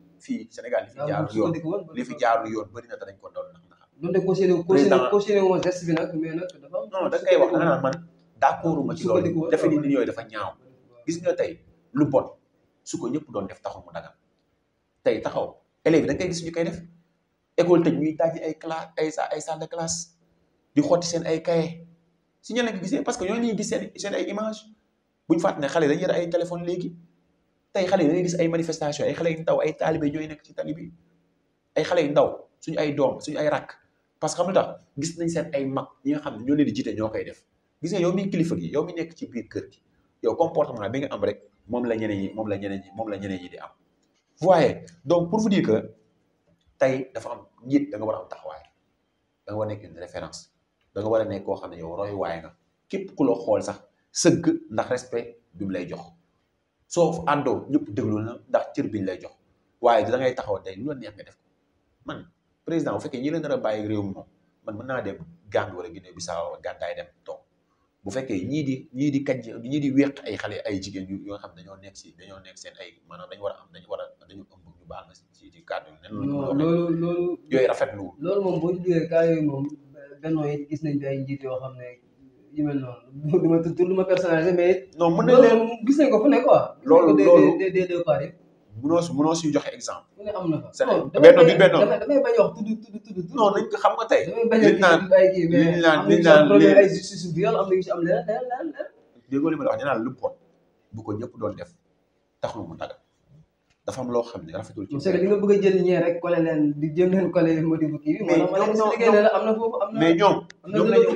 fii Sénégal li fi ah, jaarul yoon li fi jaarul yoon bëri na danañ ko doon ndax ndax. donte cautionné cautionné cautionné woon ci loolu defe ni nit yooyu dafa ñaaw gis nga tey lu bon su ko ñëpp doon def taxul mu dagal tey taxaw élèves da nga gis ñu koy def école tëj ñuy dajji ay classe ay sa ay salle de classe di xotti seen ay cahier si ñeneen ko gisee parce que ñoo ñuy gis seen seen ay image buñu fàtt ne xale dañu yore ay téléphone léegi tey xale yi dañuy gis ay manifestation ay xale yu ndaw ay taalibe ñooy nekk ci tali bi ay xale yu ndaw suñu ay doom suñu ay rakk parce que xam lu tax gis nañ seen ay mag ñi nga xam ne ñoo leen di jiite ñoo koy def gis nga yow mi kilifa gi yow mi nekk ci biir kër gi yow comportement bi nga am rek moom la ñeneen yi moom la ñeneen ñi moom la ñeneen ñi di am voyez donc pour vous dire que tey dafa am njiit danga war a am taxawaay da nga war a nekk une référence da war a nekk koo xam ne yow roy waay na képp ku la xool sax sëgg ndax respect bi lay jox soo àndoo ñëpp déglu na ndax cër biñ lay jox waaye dangay taxaw tey lu la neex nga def ko man président bu fekkee ñi la nar a bàyyi réew moom man mën naa dem Gàmbi wala Guinée Bissau wala gàddaay dem toog bu fekkee ñii di ñii di kàjj ñii di wéq ay xale ay jigéen yu yoo xam dañoo nekk si dañoo nekk seen ay maanaam dañu war a am dañu war a dañu ëmb ñu baax ma si ci kàddu yi. non loolu loolu yooyu rafetlu loolu moom boo ñu jugee yooyu moom benn gis nañ ay njiit yoo xam ne. yu mel noonu du ma tudd du ma personnalisé mais. non mën nañ leen gis nañ ko fu ne quoi. loolu loolu des des deux parties. mënoo si joxe exemple. mu ne na bi benn. damay damay bañ a wax tudd tudd tudd. non xam nga tey. damay bañ a tudd ay kii mais am sa am nañu si am leneen leneen leneen. déggoo li ma la wax lu bon bu ko ñëpp doon def taxul mu daga. dafa am loo xam ne rafetul ci. monsieur li nga bëgg a jël ñee rek collé leen di jëm leen collé motif kii bi. mais ñoom ñoom mais ñoom. ñoom la ñu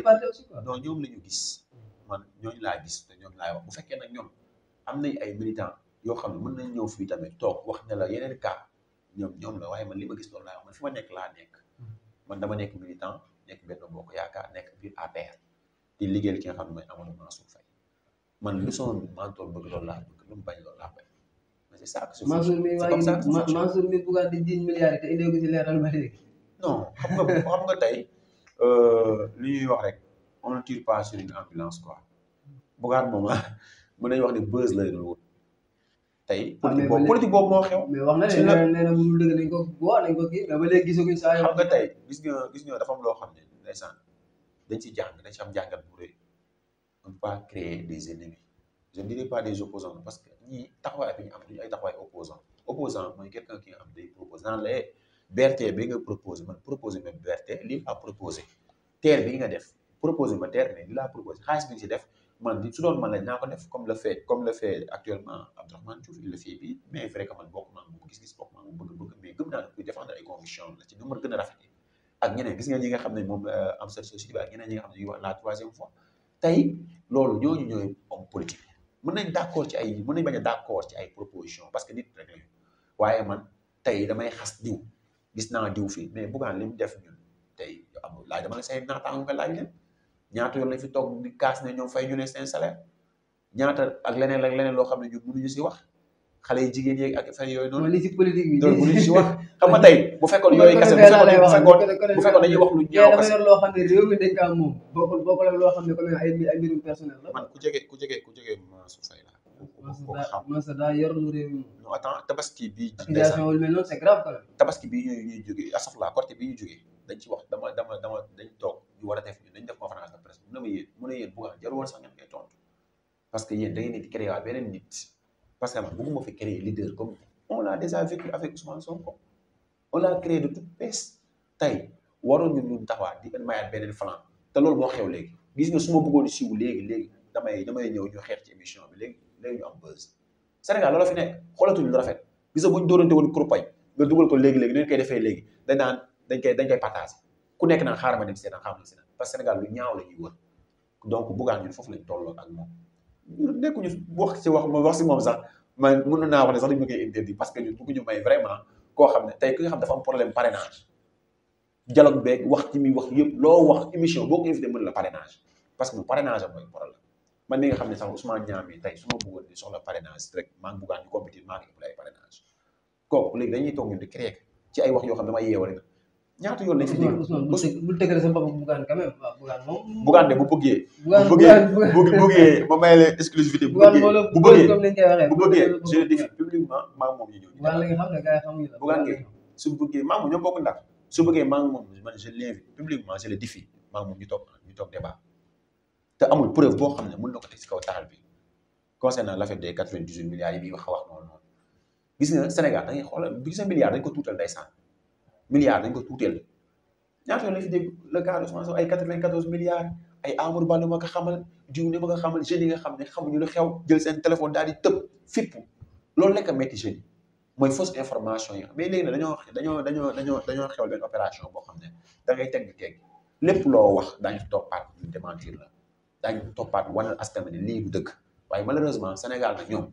non ñoom la ñu gis man ñooñu laa gis te ñooñu laay wax bu fekkee nag ñoom am na ay militant yoo xam ne mën nañ ñëw fii tamit toog wax ne la yeneen cas ñoom ñoom la waaye man li ma gis loolu laay wax man fi ma nekk laa nekk mm-hmm. man dama nekk militant nekk benn ko yaakaar nekk biir APR di liggéeyal ki nga xam ne mooy Amadou Mansour Faye man lu sama mentor bëgg loolu laa bëgg lu mu bañ loolu fi saako suuf. c'est comme ça Mansour mi bugaat di dix milliards te indee non xam nga xam nga tey euh, li wax rek on ne tire pas sur une ambulance quoi bugaat moom mën nañu wax ni buzz lay doon wut. tey ah, politique boobu politique boobu xew. mais wax na ne nee na mënul dëgg nañ ko boo nañ ko kii mais ba léegi gisaguñ saa yoo xam nga tey gis gi gis nga dafa am loo xam ne ndeysaan dañ ci jàng dañ ci am jàngat bu rëy on ne peut pas créer des ennemis je ne pas des opposants parce que ñii taxawaay opposant opposant mooy quelqu'un qui am day proposé naan la BRT nga proposé man proposé ma BRT lii a proposé terre bi nga def proposé ma terre mais li laa proposé xaalis bi nga si def man su doon man la dinaa ko def comme le fait actuellement Abdourahmane Diouf il le fait bii vrai que man bokk naa moom gis-gis bokk naa moom bëgg-bëgg mais gëm naa ne kuy défendre ay a rafetee nga xam ne moom euh, am seen société bi ak ñeneen ñi nga xam ne ñu wax fois tey loolu ñooñu ñooy homme politique mun nañ d'accord ci ay mën nañ bañ a d'accord ci ay proposition parce que nit rek lañu waaye man tey damay xas diw gis naa diw fii mais buggaan li mu def ñun tey amul laaj dama ne say naataango nga laaj leen ñaata yoon lañ fi toog di kaas ne ñoom fay ñu ne seen salaire ñaata ak leneen ak leneen loo xam ne ñun ñu si wax xale yi jigéen yeeg ak affaire yooyu noonu. li ci bi loolu bu ñu si wax xam nga tey bu fekkoon yooyu kese bu bu fekkoon dañuy wax lu ñaaw kese loo xam ne réew mi dañ ko am moom bokkul bokkul loo xam ne comme ay ay mbirum personnel la. man tabaski bii. accusation wul mel noonu c'est grave ñu jógee dañ ci wax dama dama dama dañ toog ñu war a def dañ def conférence de presse mu ne ma yéen mu ne nga tontu parce que yéen da ngeen di créé beneen nit parce que man bëgguma fi créer leader comme on l'a déjà vécu avec Ousmane Sonko on a créé de toute pièce tey waroon ñu ñu taxawaat di mayaat beneen flanc te loolu moo xew léegi gis nga su ma bëggoon siiw léegi léegi damay damay ñëw ñu xeet ci émission bi léegi léegi ñu am buzz Sénégal loolu fi nekk xoolatuñu lu rafet gis nga bu ñu doonante woon campagne nga ko léegi léegi dañ koy defee léegi dañ naan dañ koy dañ koy partager ku nekk naan xaaral ma dem seetaan xaaral ma dem parce que Sénégal lu ñaaw la ñuy wër donc buggaan ñun foofu lañ tolloo ak moom nekkuñu wax ci wax wax si moom sax man mënoon naa wax ne sax dañu koy parce que ñun bëgguñu may koo xam ne tey ki nga xam dafa am problème parrainage dialogue beeg wax ci muy wax yëpp loo wax émission boo ko invité mën la parrainage parce que bu parrainage am problème man mi nga xam ne sax Ousmane Niamé tey su ma soxla parrainage rek maa ngi bëggoon di compétir maa ngi ëpp ay parrainage kooku léegi dañuy toog ñun di créer ci ay wax yoo xam ne damay yeewale ñaata yoon lañ fi dégg Ousmane bu dëgg sa bopp Bougane quand même waaw Bougane moom. Bougane de bu bëggee. Bougane bu bëggee ma may la exclusivité bu bëggee bu bëggee bu bëggee je le dis publiquement maa moom ñu bëggee maa moom ñoo bokk ndax su bëggee maa moom man je l'invite publiquement je le défie moom ñu toog ñu toog débat te amul preuve boo xam ne mun na ko teg si kaw taal bi concernant l'affaire des quatre-vingt-dix-huit milliards yi bi wax a wax noonu noonu gis nga Sénégal da ngay xoolal gis nga milliards dañ ko tuutal ndeysaan milliards dañ ko tuuteel ñaata lañ fi dégg le cas de Sonko ay quatre-vingt-quatorze milliards ay Amadou Ba ma ko xamal jiw ni ma ko xamal jeunes yi nga xam ne xamuñu lu xew jël seen téléphone daal di tëb fippu loolu lekk métti jeunes yi mooy fausse information yi mais léegi nag dañoo dañoo dañoo dañoo dañoo xewal benn opération boo xam ne da ngay tegg tegg lépp loo wax daañu toppaat ñu démentir la daañu toppaat wanal askan wi ne lii du dëkk waaye malheureusement Sénégal nag ñoom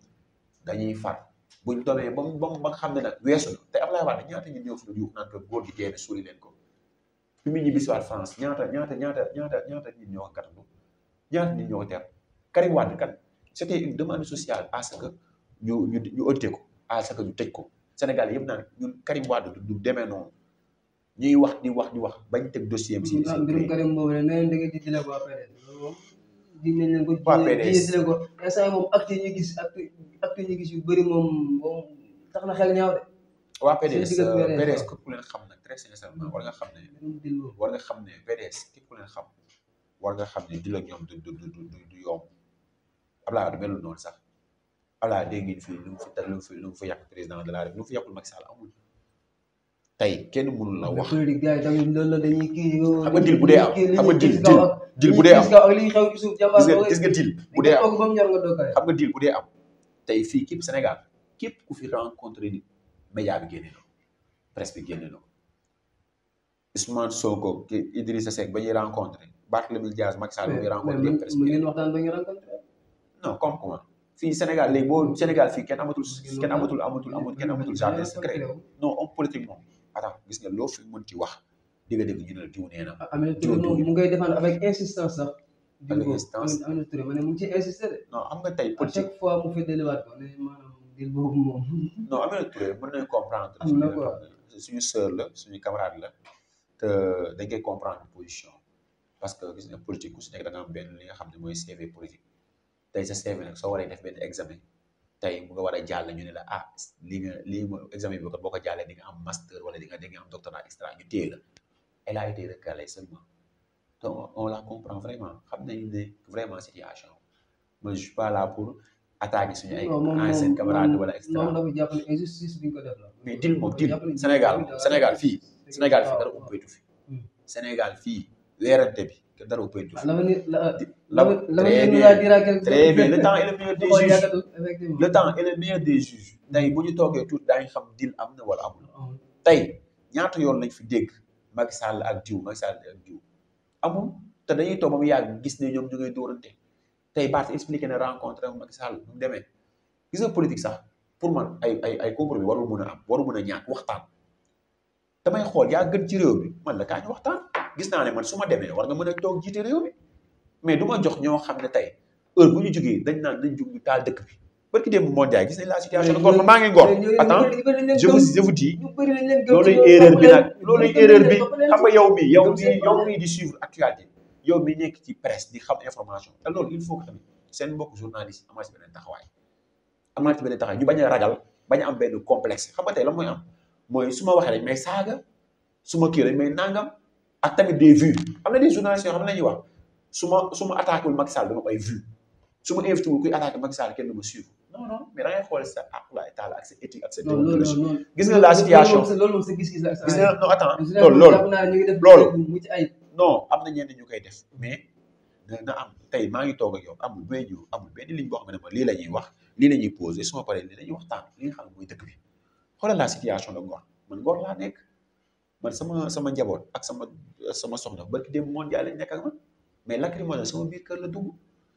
dañuy far buñ doonee ba mu ba nga xam ne nag weesu na te Abdoulaye Wade ñaata ñu ñëw suñu yuux naan ko góor gi génn suuli leen ko fi mu ñibbi si waat France ñaata ñaata ñaata ñaata ñaata nit ñoo ko gàttandu ñaata ñi ñoo ko teer Karim Wade kan c'était demande sociale à ce que ñu ñu ñu ëttee ko à que ñu tëj ko Sénégal yëpp naan ñun Karim Wade du demee noonu ñuy wax di wax di wax bañ teg dossier am si. si biir Karim boobu nag nee na dëgg di jëlee waa PDS jiñ nañ leen ko. waa PDS jiñ ñu gis acte acte ñu gis yu bëri moom moom na xel ñaaw de. waa euh, ku leen xam nag très sincèrement war nga xam ne. war nga xam ne PDS képp ku leen xam. war nga xam ne di la ñoom du du du du yomb Abdoulaye sax Abdoulaye dégg fi tal fi lu mu fi yàq président de la République lu mu fi yàqul Macky Sall amul. tey kenn mënul la wax. mais yi tamit loolu la dee am dil dil dil bu dee am gis nga dil bu dee am xam nga dil bu dee am tey fii képp Sénégal képp ku fi rencontré nit média bi génne na ko presse bi génne Sonko Idrissa Seck ba ñuy rencontré Barthélémy Dias Macky Sall ba ñuy rencontré presse bi non comme comment fii Sénégal léegi boo Sénégal fii kenn amatul kenn amatul amatul amatul kenn amatul genre secret non homme politique moom attends gis nga loo fi mën ci wax dégg dégg ñu ne la diw nee na. diw diw mu ngay défendre avec insistance sax. avec insistance am na turé ma ne mu ngi ciy insister de. non am nga tey politique à chaque fois mu feddaliwaat ko ne maanaam dil boobu moom. non am na turé mën nañu comprendre. am na quoi suñu sœur la suñu camarade la te dañ koy comprendre position parce que gis nga politique ku si nekk da nga am benn li nga xam ne mooy CV politique tey sa CV nag soo waree def benn examen. tey mu nga war a jàll ñu ne la ah li nga lii mooy examen bi boo ko jàllee di nga am master wala di nga di nga am doctorat extra ñu téye la elle a été recalée la comprend vraiment xam nañu ne vraiment situation mais je suis pas là pour attaquer suñu ay anciens camarades wala et cetera mais dil moom dil Sénégal moom Sénégal fii Sénégal fii dara ubbeetu fi hmm. Sénégal fii weerante bi te dara ubbeetu fi très bien très bien le temps est le meilleur des juges le temps est le meilleur des juges tey bu ñu toogee tuuti daañu xam dil am na wala amul tey ñaata yoon lañ fi dégg Macky Sall ak jiw Macky Sall ak jiw amul te dañuy toog ba mu yàgg gis ne ñoom ñu ngay dóorante tey Barth expliqué ne rencontre am Macky Sall mu demee gis nga politique sax pour man ay ay ay compromis warul mun a am warul mun a ñàkk waxtaan damay xool yaa gën ci réew bi man la kaa ñu waxtaan gis naa ne man su ma demee war nga mën a toog jiite réew bi mais du ma jox ñoo xam ne tey heure bu ñu jógee dañ naan nañ jug ñu taal dëkk bi barki démb mondial gis nañ la situation de Korma maa ngi ngor attends je vous vous dis looluy erreur bi nag looluy erreur bi xam nga yow mi yow mi di suivre actualité yow mi nekk ci presse di xam information te loolu il faut que tamit seen mbokk journaliste amaat ci beneen taxawaay amaat ci beneen taxawaay ñu bañ a ragal bañ a am benn complexe xam nga tey lan mooy am mooy su ma waxee dañ may saaga su ma kii dañ may nangam ak tamit des vues am na des journalistes xam ne ñuy wax su ma su ma attaqué wul Macky Sall su ma invité non non mais da ngay xool sa àqula ah, ak gis nga la situation loolu moom sa gis-gis la gis nga non am na ñenn ñu koy def mais na am tey maa ngi toog ak yow amul benn ñu amul benn ligne boo xam ne ma lii la ñuy wax lii la ñuy posé suma paree lii la ñuy waxtaan li nga xam ne mooy dëkk bi xoolal la situation de man Ngor laa nekk man sama sama njaboot ak sama sama soxna barki démb mondial lañ nekk ak man mais lacrymogène sama biir kër la dugg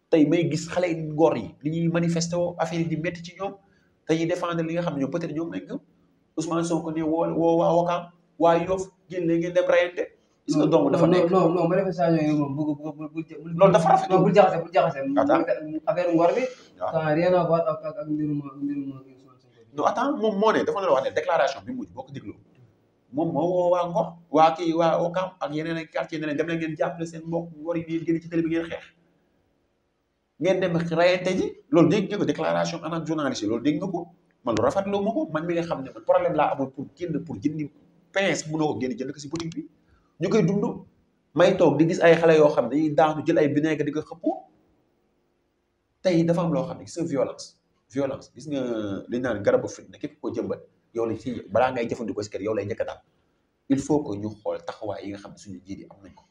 tey may gis xale yi góor yi li ñuy manifester woo affaire yi di ci ñoom te ñuy défendre li nga xam ne ñoom peut-être ñoom lañ gëm Ousmane woo woo waa Wakaam waa Yoff génn ngeen dem rayante. est-ce que donc dafa nekk non non manifestation yooyu moom bu bu bu loolu dafa rafet non moom moo ne dafa la wax ne déclaration bi mujj boo ko dégloo moom moo woo waa Ngor waa kii waa Wakaam ak yeneen ay quartier ne dem na ngeen jàppale seen mbokk ngor yi ngeen génn ci télé bi ngeen xeex. ngeen dem rayante ji loolu dégg nga ko déclaration en tant journaliste loolu dégg nga ko man lu rafetlu ma ko man mi nga xam ne man laa amoon pour génn pour jëndi pain sax mënoo ko génn jënd ko si boutique bi ñu koy dund may toog di gis ay xale yoo xam ne dañuy daanu jël ay vinaigre di ko xëppoo tey dafa am loo xam ne sa violence gis nga li naan garabu képp koo jëmbat yow lañ ci balaa ngay jëfandikoo si kër yow lay njëkk daal il faut que ñu xool taxawaay yi nga xam ne suñu jiit am nañ ko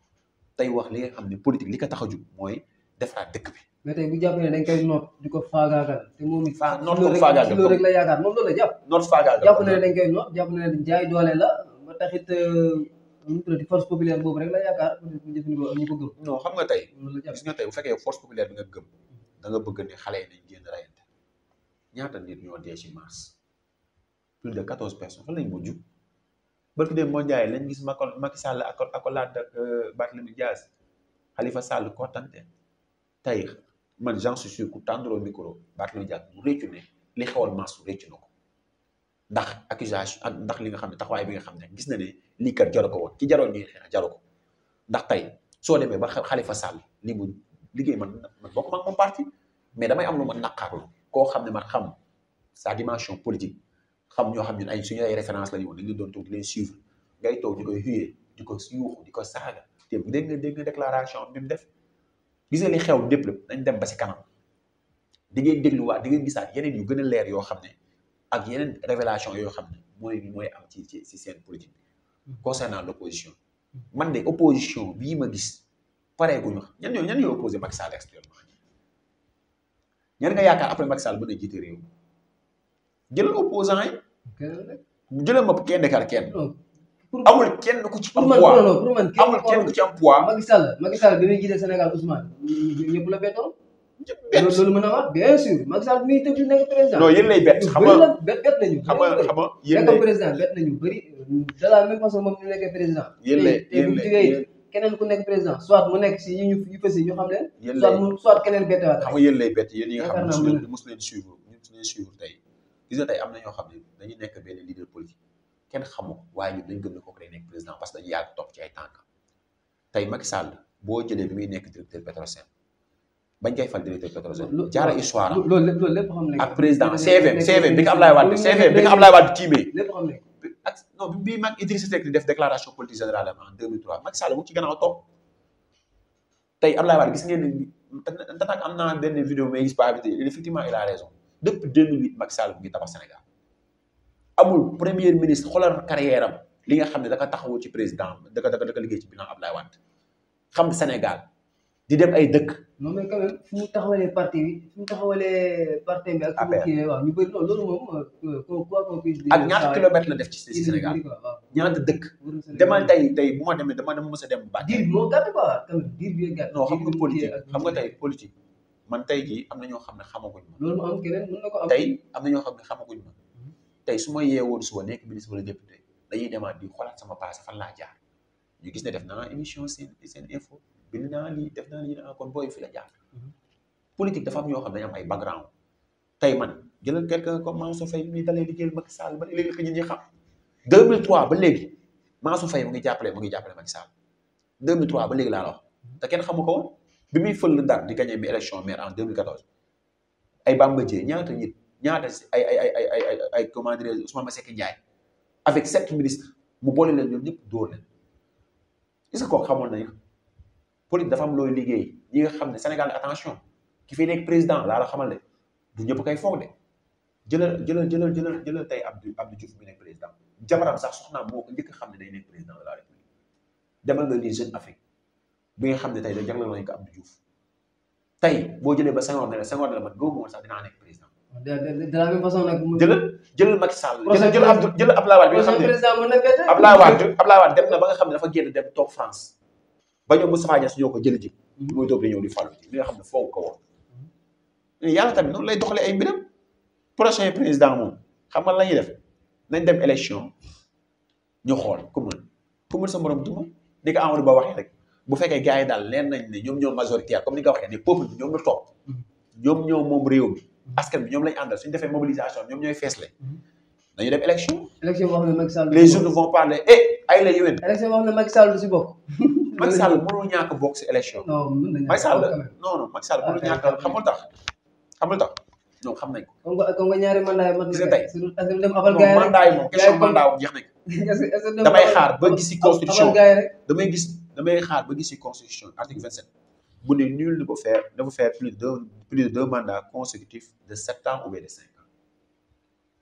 tey wax li nga xam ne politique li ko tax a jug mooy defaraat dëkk bi mais tey bu jàppee ne dañ koy noot di ko faagaagal te moom it. ah noot ko faagaagal loolu rek la yaakaar moom loolu la jàpp. noot faagaagal jàpp na ne dañ koy noot jàpp na ne jaay doole la ba taxit lu euh, mu tuddati force populaire boobu rek la yaakaar ñu jëfandikoo ak ñu ko gëm. non xam nga tey. loolu la jàpp gis nga tey bu fekkee force populaire bi nga gëm da nga bëgg ni xale yi nañ génn rayante ñaata nit ñoo dee ci mars plus de quatorze personnes fan lañ mujj barki dem moo jaay lañ gis Macky Sall accolade ak euh, Barthélémy Dias Khalifa Sall kontante tey man j'en suis sûr ku tàndaloo micro Barthélémy Dias bu réccu ne li xewal Mansour réccu na ko ndax accusation ak ndax li nga xam ne taxawaay bi nga xam ne gis na ne lii kat jaru ko woon ci jaroon ñuy xeex ko ndax tey soo demee ba Khalifa Sall li mu liggéey man man bokk ma ak parti mais damay am lu ma naqaarlu koo xam ne ma xam sa dimension politique xam ñoo xam ñun ay suñu ay référence la ñu woon dañu doon toog di leen suivre ngay toog di koy huyee di ko yuuxu di ko saaga te dégg nga dégg nga déclaration bi mu def gis nga xew lépp dañ dem ba si kanam di ngeen dégluwaat di ngeen gisaat yeneen yu gën a leer yoo xam ne ak yeneen révélation yoo xam ne mooy mooy am ci ci ci seen politique concernant l' opposition man de opposition bii ma gis pareeguñu ñan ñoo ñan ñoo opposé Macky Sall actuellement ñan nga yaakaar après Macky Sall mën a jiite réew jëlal opposant yi jëlal ma kenn dekar kenn amul kenn ku ci am poids pour man amul kenn ku ci am poids. Macky Sall Macky Sall bi muy jiite Sénégal Ousmane ñëpp la bettoon. ñëpp loolu mën a wax nekk président. non yéen lay bett xam nga président bett nañu bëri de la façon moom nekk président soit mu nekk si yi ñu ñu fës ñu xam leen. yéen lay keneen bett waat. xam bett yéen yi xam ne mosu leen suivre mosu leen suivre am na ñoo xam ne dañu nekk benn leader politique kenn xamu ko waaye ñun dañ gëm ne kooku day nekk président parce que dañu yàgg topp ci ay tànk tey Macky Sall boo jëlee bi muy nekk directeur Petrosen bañ koy fal directeur Petrosen jaara histoire ak président CV CV bi nga Ablaye Wade CV bi nga Ablaye Wade tiimee ak non bi bii mag Idrissa Seck di def déclaration politique générale en 2003 Macky Sall mu ci gannaaw topp tey Ablaye Wade gis ngeen ne te nag am naa benn vidéo mais gis pas bi effectivement il a raison depuis 2008 amul premier ministre xoolal carrière li nga xam ne daka taxawoo ci président daka daka daka liggéey ci bilan Abdoulaye Wade xam Sénégal di dem ay dëkk. non mais quand même fu mu parti bi taxawalee parti bi ak. waaw ñu bëri loolu moom. Euh, ak ñaata kilomètre la def ci si Sénégal ñaata dëkk. demal tey tey bu ma demee dama dama mës a dem Mbacke. diir moo bi gàtt. non xam nga politique xam nga tey politique man tey jii am na ñoo xam ne xamaguñ ma. loolu am na am na ñoo xam ne xamaguñ ma. tey su ma yeewoon suba nekk ministre wala député dañuy demaat di xoolaat sama passé fan laa jaar ñu gis ne def naa émission seen seen info bind naa lii def naa lii naa ah, kon booy fi la jaar. Mhm. politique dafa am ñoo xam ne dañu ay background tey man jëlal quelqu'un comme Mansour Faye mi dalee liggéeyal Macky Sall ba léegi ñun ñi xam 2003 ba léegi Mansour Faye mu ngi jàppale mu ngi jàppale Macky Sall 2003 ba léegi laa la te kenn xamu ko bi muy fël Ndar di gagné bi élection maire en 2014 ay Bamba Dièye ñaata nit. ñaata ay ay ay ay ay ay comment dirais-je Ousmane Masseck Ndiaye avec sept ministres mu boole leen ni ñëpp dóor leen est ce que kooku xamoon nañu politique dafa am looy liggéey ñi nga xam ne Sénégal attention ki fi nekk président laa la xamal ne du ñëpp kay foog de jëlal jëlal jëlal jëlal jëlal tey Abdou Abdou Diouf mi nekk président jabaram sax soxnaam moo ko njëkk xam ne day nekk président de la République demal nga nii Jeune Afrique bi nga xam ne tey da jagleel nañ ko Abdou Diouf tey boo jëlee ba Senghor ne la Senghor ne la man góobu de la même façon nag. jëlal jëlal Macky Sall. procé jëlal Abdou jëlal Abdoulaye Wade bi nga xam ne président mën na bett. Abdoulaye dem na ba nga xam ne dafa génn dem toog France ba ñoom Moustapha Niasse ñoo ko jël ji. muy mhm. doog di ñëw di fàllu ji li nga xam ne foog ko woon. Mhm. yàlla tamit noonu ay mbiram prochain président moom xamal nga la ñuy def nañ dem élection ñu xool ku mën ku mën sa morom duma ni ko Amadou Ba waxee rek bu fekkee gars yi daal leen nañ ne ñoom ñoo majoritaire comme ni nga waxee ne peuple bi ñoom la topp mhm. ñoom ñoo moom réew mi Mhm. askan bi ñoom lañ àndal suñu defee mobilisation ñoom ñooy feesle dañu mhm. dem élection élection boo xam ne Macky Sall les jeunes vont parler eh ay la yéwén élection boo xam ne Macky Sall du si bokk Macky Sall mënul ñàkk bokk si élection Macky Sall non non Macky Sall mënul ah, ñàkk xamul tax xamul tax ñoom xam nañ ko kon nga ñaari mandat yi mat na tey mandat yi moom question mandat wu jeex nañ damay xaar ba gis si constitution damay gis damay xaar ba gis si constitution article 27 bu ne nul ne peut faire ne peut faire plus de deux plus de deux mandats consécutifs de sept ans ou bien de cinq ans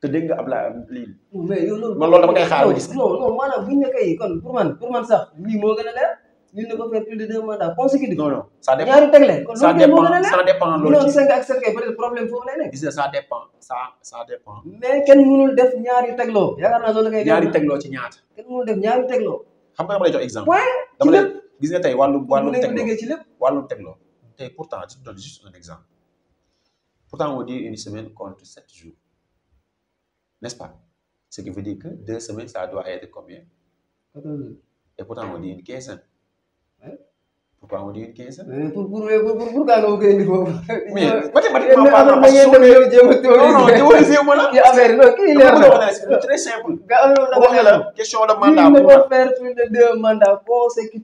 te dégg nga Ablaye lii. mais yow loolu man loolu dama koy xaar ba gis. non non maanaam bu ñu nekkee kon pour man pour man sax lii moo gën a leer. nul ne peut faire plus de deux mandats consécutifs. non non ça dépend ñaari tegle. kon loolu moo gën a leer ça dépend loolu ci. cinq ak sept kay peut-être problème foofu lay nekk. gis nga ça dépend ça ça dépend. mais kenn mënul def ñaari tegloo. yaakaar naa loolu la koy ñaari tegloo ci ñaata. kenn mënul def ñaari tegloo. xam nga dama lay jox exemple. dama lay gis nga tey wàllu wàllu techno wàllu tey pourtant je te donne juste un exemple pourtant on dit une semaine contre sept jours n'est-ce pas ce qui veut dire que deux semaines ça doit être combien et pourtant on dit une quinzaine pourquoi on dit une quinzaine pour pour pour pour pour nga koy indi foofu. mais mathématiquement parlant parce que non non théorisé la. affaire non kii leer na c'est la question de mandat. il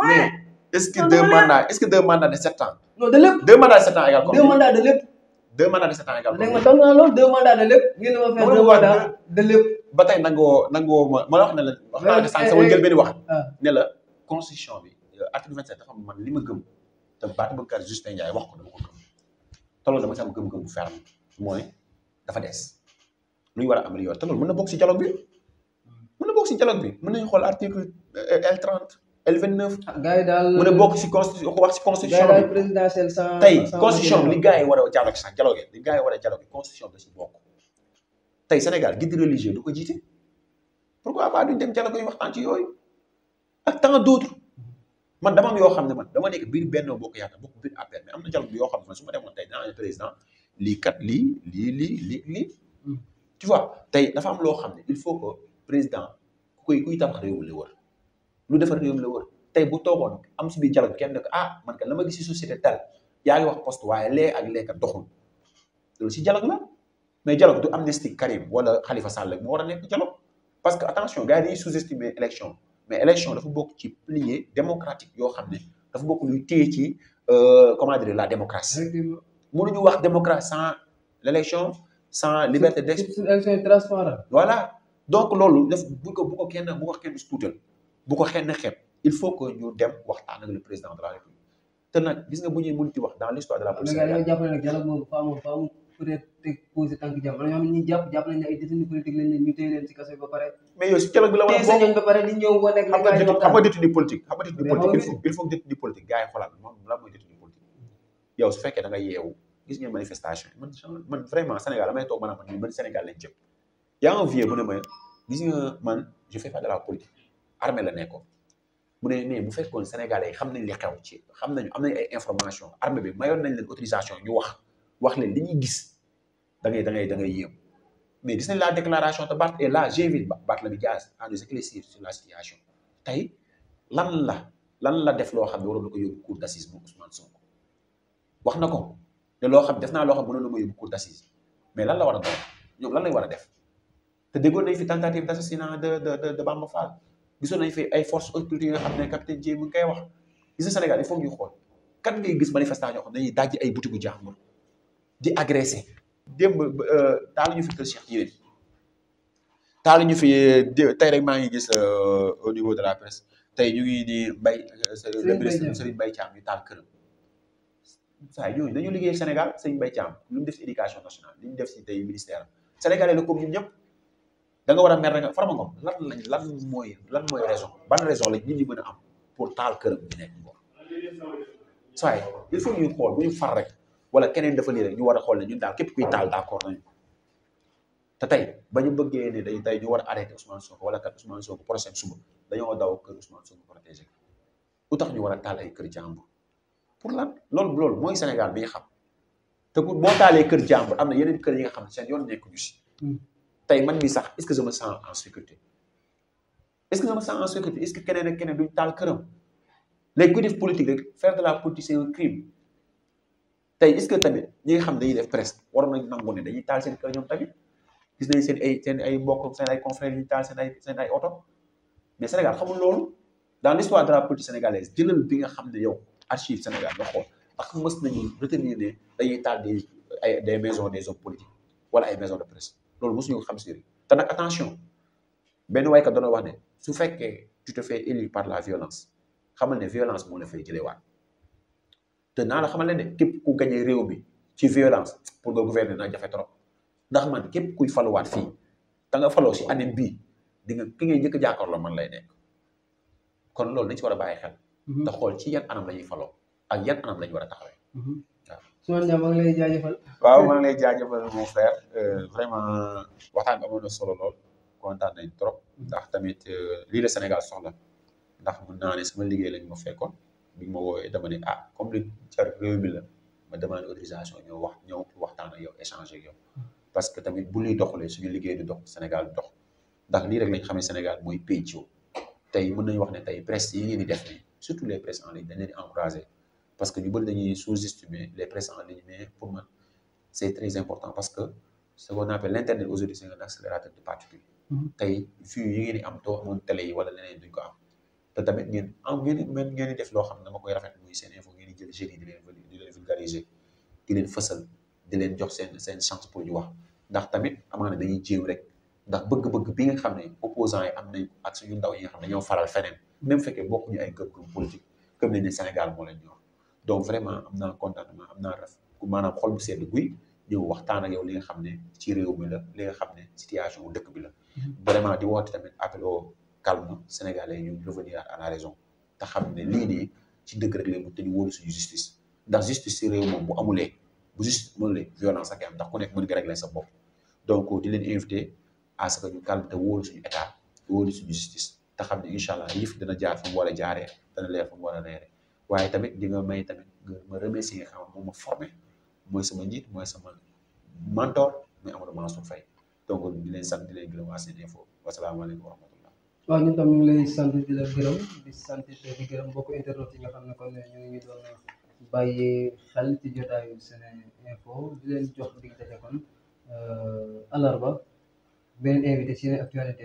mais est-ce que deux mandats est-ce que deux mandats de sept ans. non de lépp deux mandats de sept ans égale combien. deux mandats de lépp. deux mandats de sept ans égale combien. dégg nga loolu deux mandats de lépp. ngeen ma fay deux mandats de lépp. ba tey nangoo nangoo ma ma la wax ne la. wax naa la sànq sama eh, eh, njël benn wax. Eh, ah. ne la constitution bi euh, article 27 dafa man li ma gëm te baatu Boubacar Justin Ndiaye wax ko dama ko gëm te loolu dama sama gëm-gëm bu ferme mooy dafa des lu ñu war a am li yor te loolu mën na bokk si dialogue bi mën na bokk si dialogue bi mën nañu xool article euh, L30 L29. Ah, gars a bokk si constitution wax si constitution bi. tey li gars yi war a dialogue sax dialogue li gars yi war a dialogue constitution bi si bokk. tey Sénégal guide religieux du ko jiite pourquoi pas duñ dem dialogue yi waxtaan ci yooyu ak tant d'autres man dama yoo xam ne man dama nekk biir benn bokk yaakaar bokk biir affaire mais am na dialogue yoo xam ne man su ma demoon tey dinaa président lii kat lii lii lii lii lii. Hmm. tu vois tey dafa am loo xam ne il faut que président ku koy kuy lu defar réew mi la wër tey bu toogoon am si biir dialogue kenn ne ko ah man ka la ma gis si société tel yaa ngi wax poste waaye lee ak lee kat doxul loolu si dialogue la mais dialogue du amnistie Karim wala Khalifa Sall moo war a nekk dialogue parce que attention gars yi dañuy sous-estimer élection mais élection dafa bokk ci pilier démocratique yoo xam ne dafa bokk luy téye ci euh, comment dire la démocratie mënuñu wax démocratie sans l'élection sans liberté d'expression. élection transparente. voilà donc loolu daf bu ko bu ko kenn bu ko kenn du si tuutal. bu ko xenn xeeb il faut que ñu dem waxtaan ak le président de la république te nag gis nga bu ñuy mënti wax dans l'histoire de la politique sénégalaise jàpp ne dialogue boobu fa amoon fa amoon peut-être teg posé tànk jàmm wala ñoo xam ne ñu jàpp jàpp nañ ne ay détenu politique lañ leen ñu téye leen ci kaso ba pare mais yooyu si dialogue bi la war a bokk ba pare di ñëw woo nekk xam nga détenu politique xam nga détenu politique il faut que détenu politique gars yi xoolaat moom la mooy détenu politique yow su fekkee da nga yeewu gis ngeen manifestation man man vraiment Sénégal damay toog man a man ñu mën Sénégal lañ jëm yaa envie mu ne ma gis nga man je fais pas de la politique armée la nekkoon mu ne mais bu fekkoon sénégalais yi xam nañ li xew ci xam nañu am nañ ay information armée bi mayoon nañ leen autorisation ñu wax wax leen li ñu gis da ngay da ngay da ngay yéem mais gis nañ la déclaration te Barth la là j'invite Barthélémy la situation tey lan la la def loo xam ne waroon na ko yóbbu cour d'assises bu Ousmane Sonko wax na ko te loo xam def naa loo xam mënoon na ko yóbbu cour d'assises mais lan la war a doon ñoom lan lay war a def te déggoon nañ fi tentative d'assassinat de de de Bamba Fall gisoon nañ fi ay forces occultes nga xam ne capitaine Dièye mu ngi wax gis nga Sénégal il faut ñuy xool kat ngay gis manifestant yoo xam ne dañuy dajji ay butigu jàmbur di agressé démb euh, taal ñu fi kër Cheikh Yérim ñu fi tey rek maa ngi gis euh, au niveau de la presse tey ñu ngi nii Mbaye euh, le ministre Serigne Mbaye Thiam ñu taal saa yooyu dañu liggéey Sénégal Serigne Mbaye lu def si li mu def si tey ministère Sénégalais la comme ñun ñëpp da nga war a mer nga Farba Ngom lan lañ lan mooy lan mooy raison ban raison la nit ñi mën a am pour taal këram bi nekk Ngor saa il faut ñu xool bu ñu rek wala keneen dafa lii rek ñu war a xool ne ñun daal képp kuy taal d'accord nañu te ba ñu bëggee ne dañu tey ñu war a arrêté Ousmane Sonko wala kat Ousmane Sonko procès suba dañoo daw kër Ousmane Sonko protégé lu tax ñu war a taal ay kër jàmbur pour lan loolu loolu mooy Sénégal bi nga xam te boo taalee kër jàmbur am na yeneen kër yi nga xam ne seen yoon nekkuñu si hmm. tey man mii sax est-ce que je me en sécurité est-ce que je me sens keneen ak keneen duñ taal këram léegi kuy def politique rek faire de la politique c'est crime tey est-ce que tamit ñi nga xam dañuy def presse waroon nañ nangu ne dañuy taal seen kër ñoom tamit gis nañ seen ay seen mbokk seen ay confrères yi taal seen ay seen oto mais Sénégal xamul loolu dans l'histoire de la politique sénégalaise jëlal bi nga xam ne yow archive Sénégal nga xool ndax mës nañu retenir ne des ay des maisons des wala ay maisons de loolu mosuñu ko xam Syrie te nag attention benn waykat doona wax ne su fekkee tu te fais élire par la violence xamal ne violence moo la fay jëlee waat te naa la xamal ne képp ku gañe réew mi ci violence pour nga gouverner na jafe trop ndax man képp kuy faluwaat fii te nga faloo si année bi di nga ki ngay njëkk a man lay nekk kon loolu dañ si war a bàyyi xel. Mhm. te xool ci yan anam la ñuy faloo ak yan anam la war a taxawee. Mhm. Ousmane Niang maa ngi lay jaajëfal. waaw maa ngi lay jaajëfal mon euh, vraiment waxtaan bi amoon na solo lool kontaan nañ trop mm-hmm. ndax tamit euh, lii la Sénégal soxla ndax mun naa ne sama liggéey lañ ma fekkoon biñ moo woowee dama ne ah comme li jar réew la ma demande autorisation ñëw wax ñëw waxtaan ak yow échanger yo mm-hmm. parce que tamit bu ñuy doxalee suñu liggéey du dox Sénégal dox ndax lii rek lañ xamee Sénégal mooy pénc tey mën nañu wax ne tey presse yi ngeen def nii surtout les presses en ligne dañ leen di encouragé. parce que ñu bëri dañuy sous-estimer les presses en ligne mais pour man c' très important parce que ce qu'on appelle l' internet aujourd'hui c'est un accélérateur de mm-hmm. am too amoon télé yi wala leneen duñ ko tamit ngeen am ngeen mën ngeen def loo xam ne dama koy rafet muy seen info ngeen di di leen jox seen seen chance pour ñu wax ndax tamit amaana dañuy jéew rek ndax bëgg-bëgg bi nga xam ne opposants yi am nañ ak suñu ndaw yi nga xam ne ñoo faral feneen même fekkee bokkuñu ay gëm-gëm politique gëm nañ Sénégal moo leen ñor donc vraiment am na contentement am na naa raf maanaam xol bu sedd guy ñëw waxtaan a yow li nga xam ne ci réew mi la li nga xam ne situation wu dëkk bi la. Mhm. vraiment di woote tamit appel au calme sénégalais ñu revenir à la raison te xam ne lii nii ci dëgg rek lañ mu te ñu suñu justice ndax justice ci réew moom bu amulee bu justice mënulee violence ak am ndax ku nekk mën nga régler sa bopp donc di leen invité à ce que ñu calme te wóolu suñu état wóolu suñu justice te xam ne incha jaar fu mu a jaaree dana mu war a leeree waaye tamit di nga may tamit nga ma remercier nga xam moom ma formé mooy sama njiit mooy sama mentor muy Amadou Mansour Faye donc di leen sant di leen gërëm waa seen info sant sant di gërëm mbokku internet yi nga xam ne kon ñu ngi doon bàyyi xel ci jotaayu seen info di leen jox dig daje kon alarba euh, beneen invité ci yeneen actualité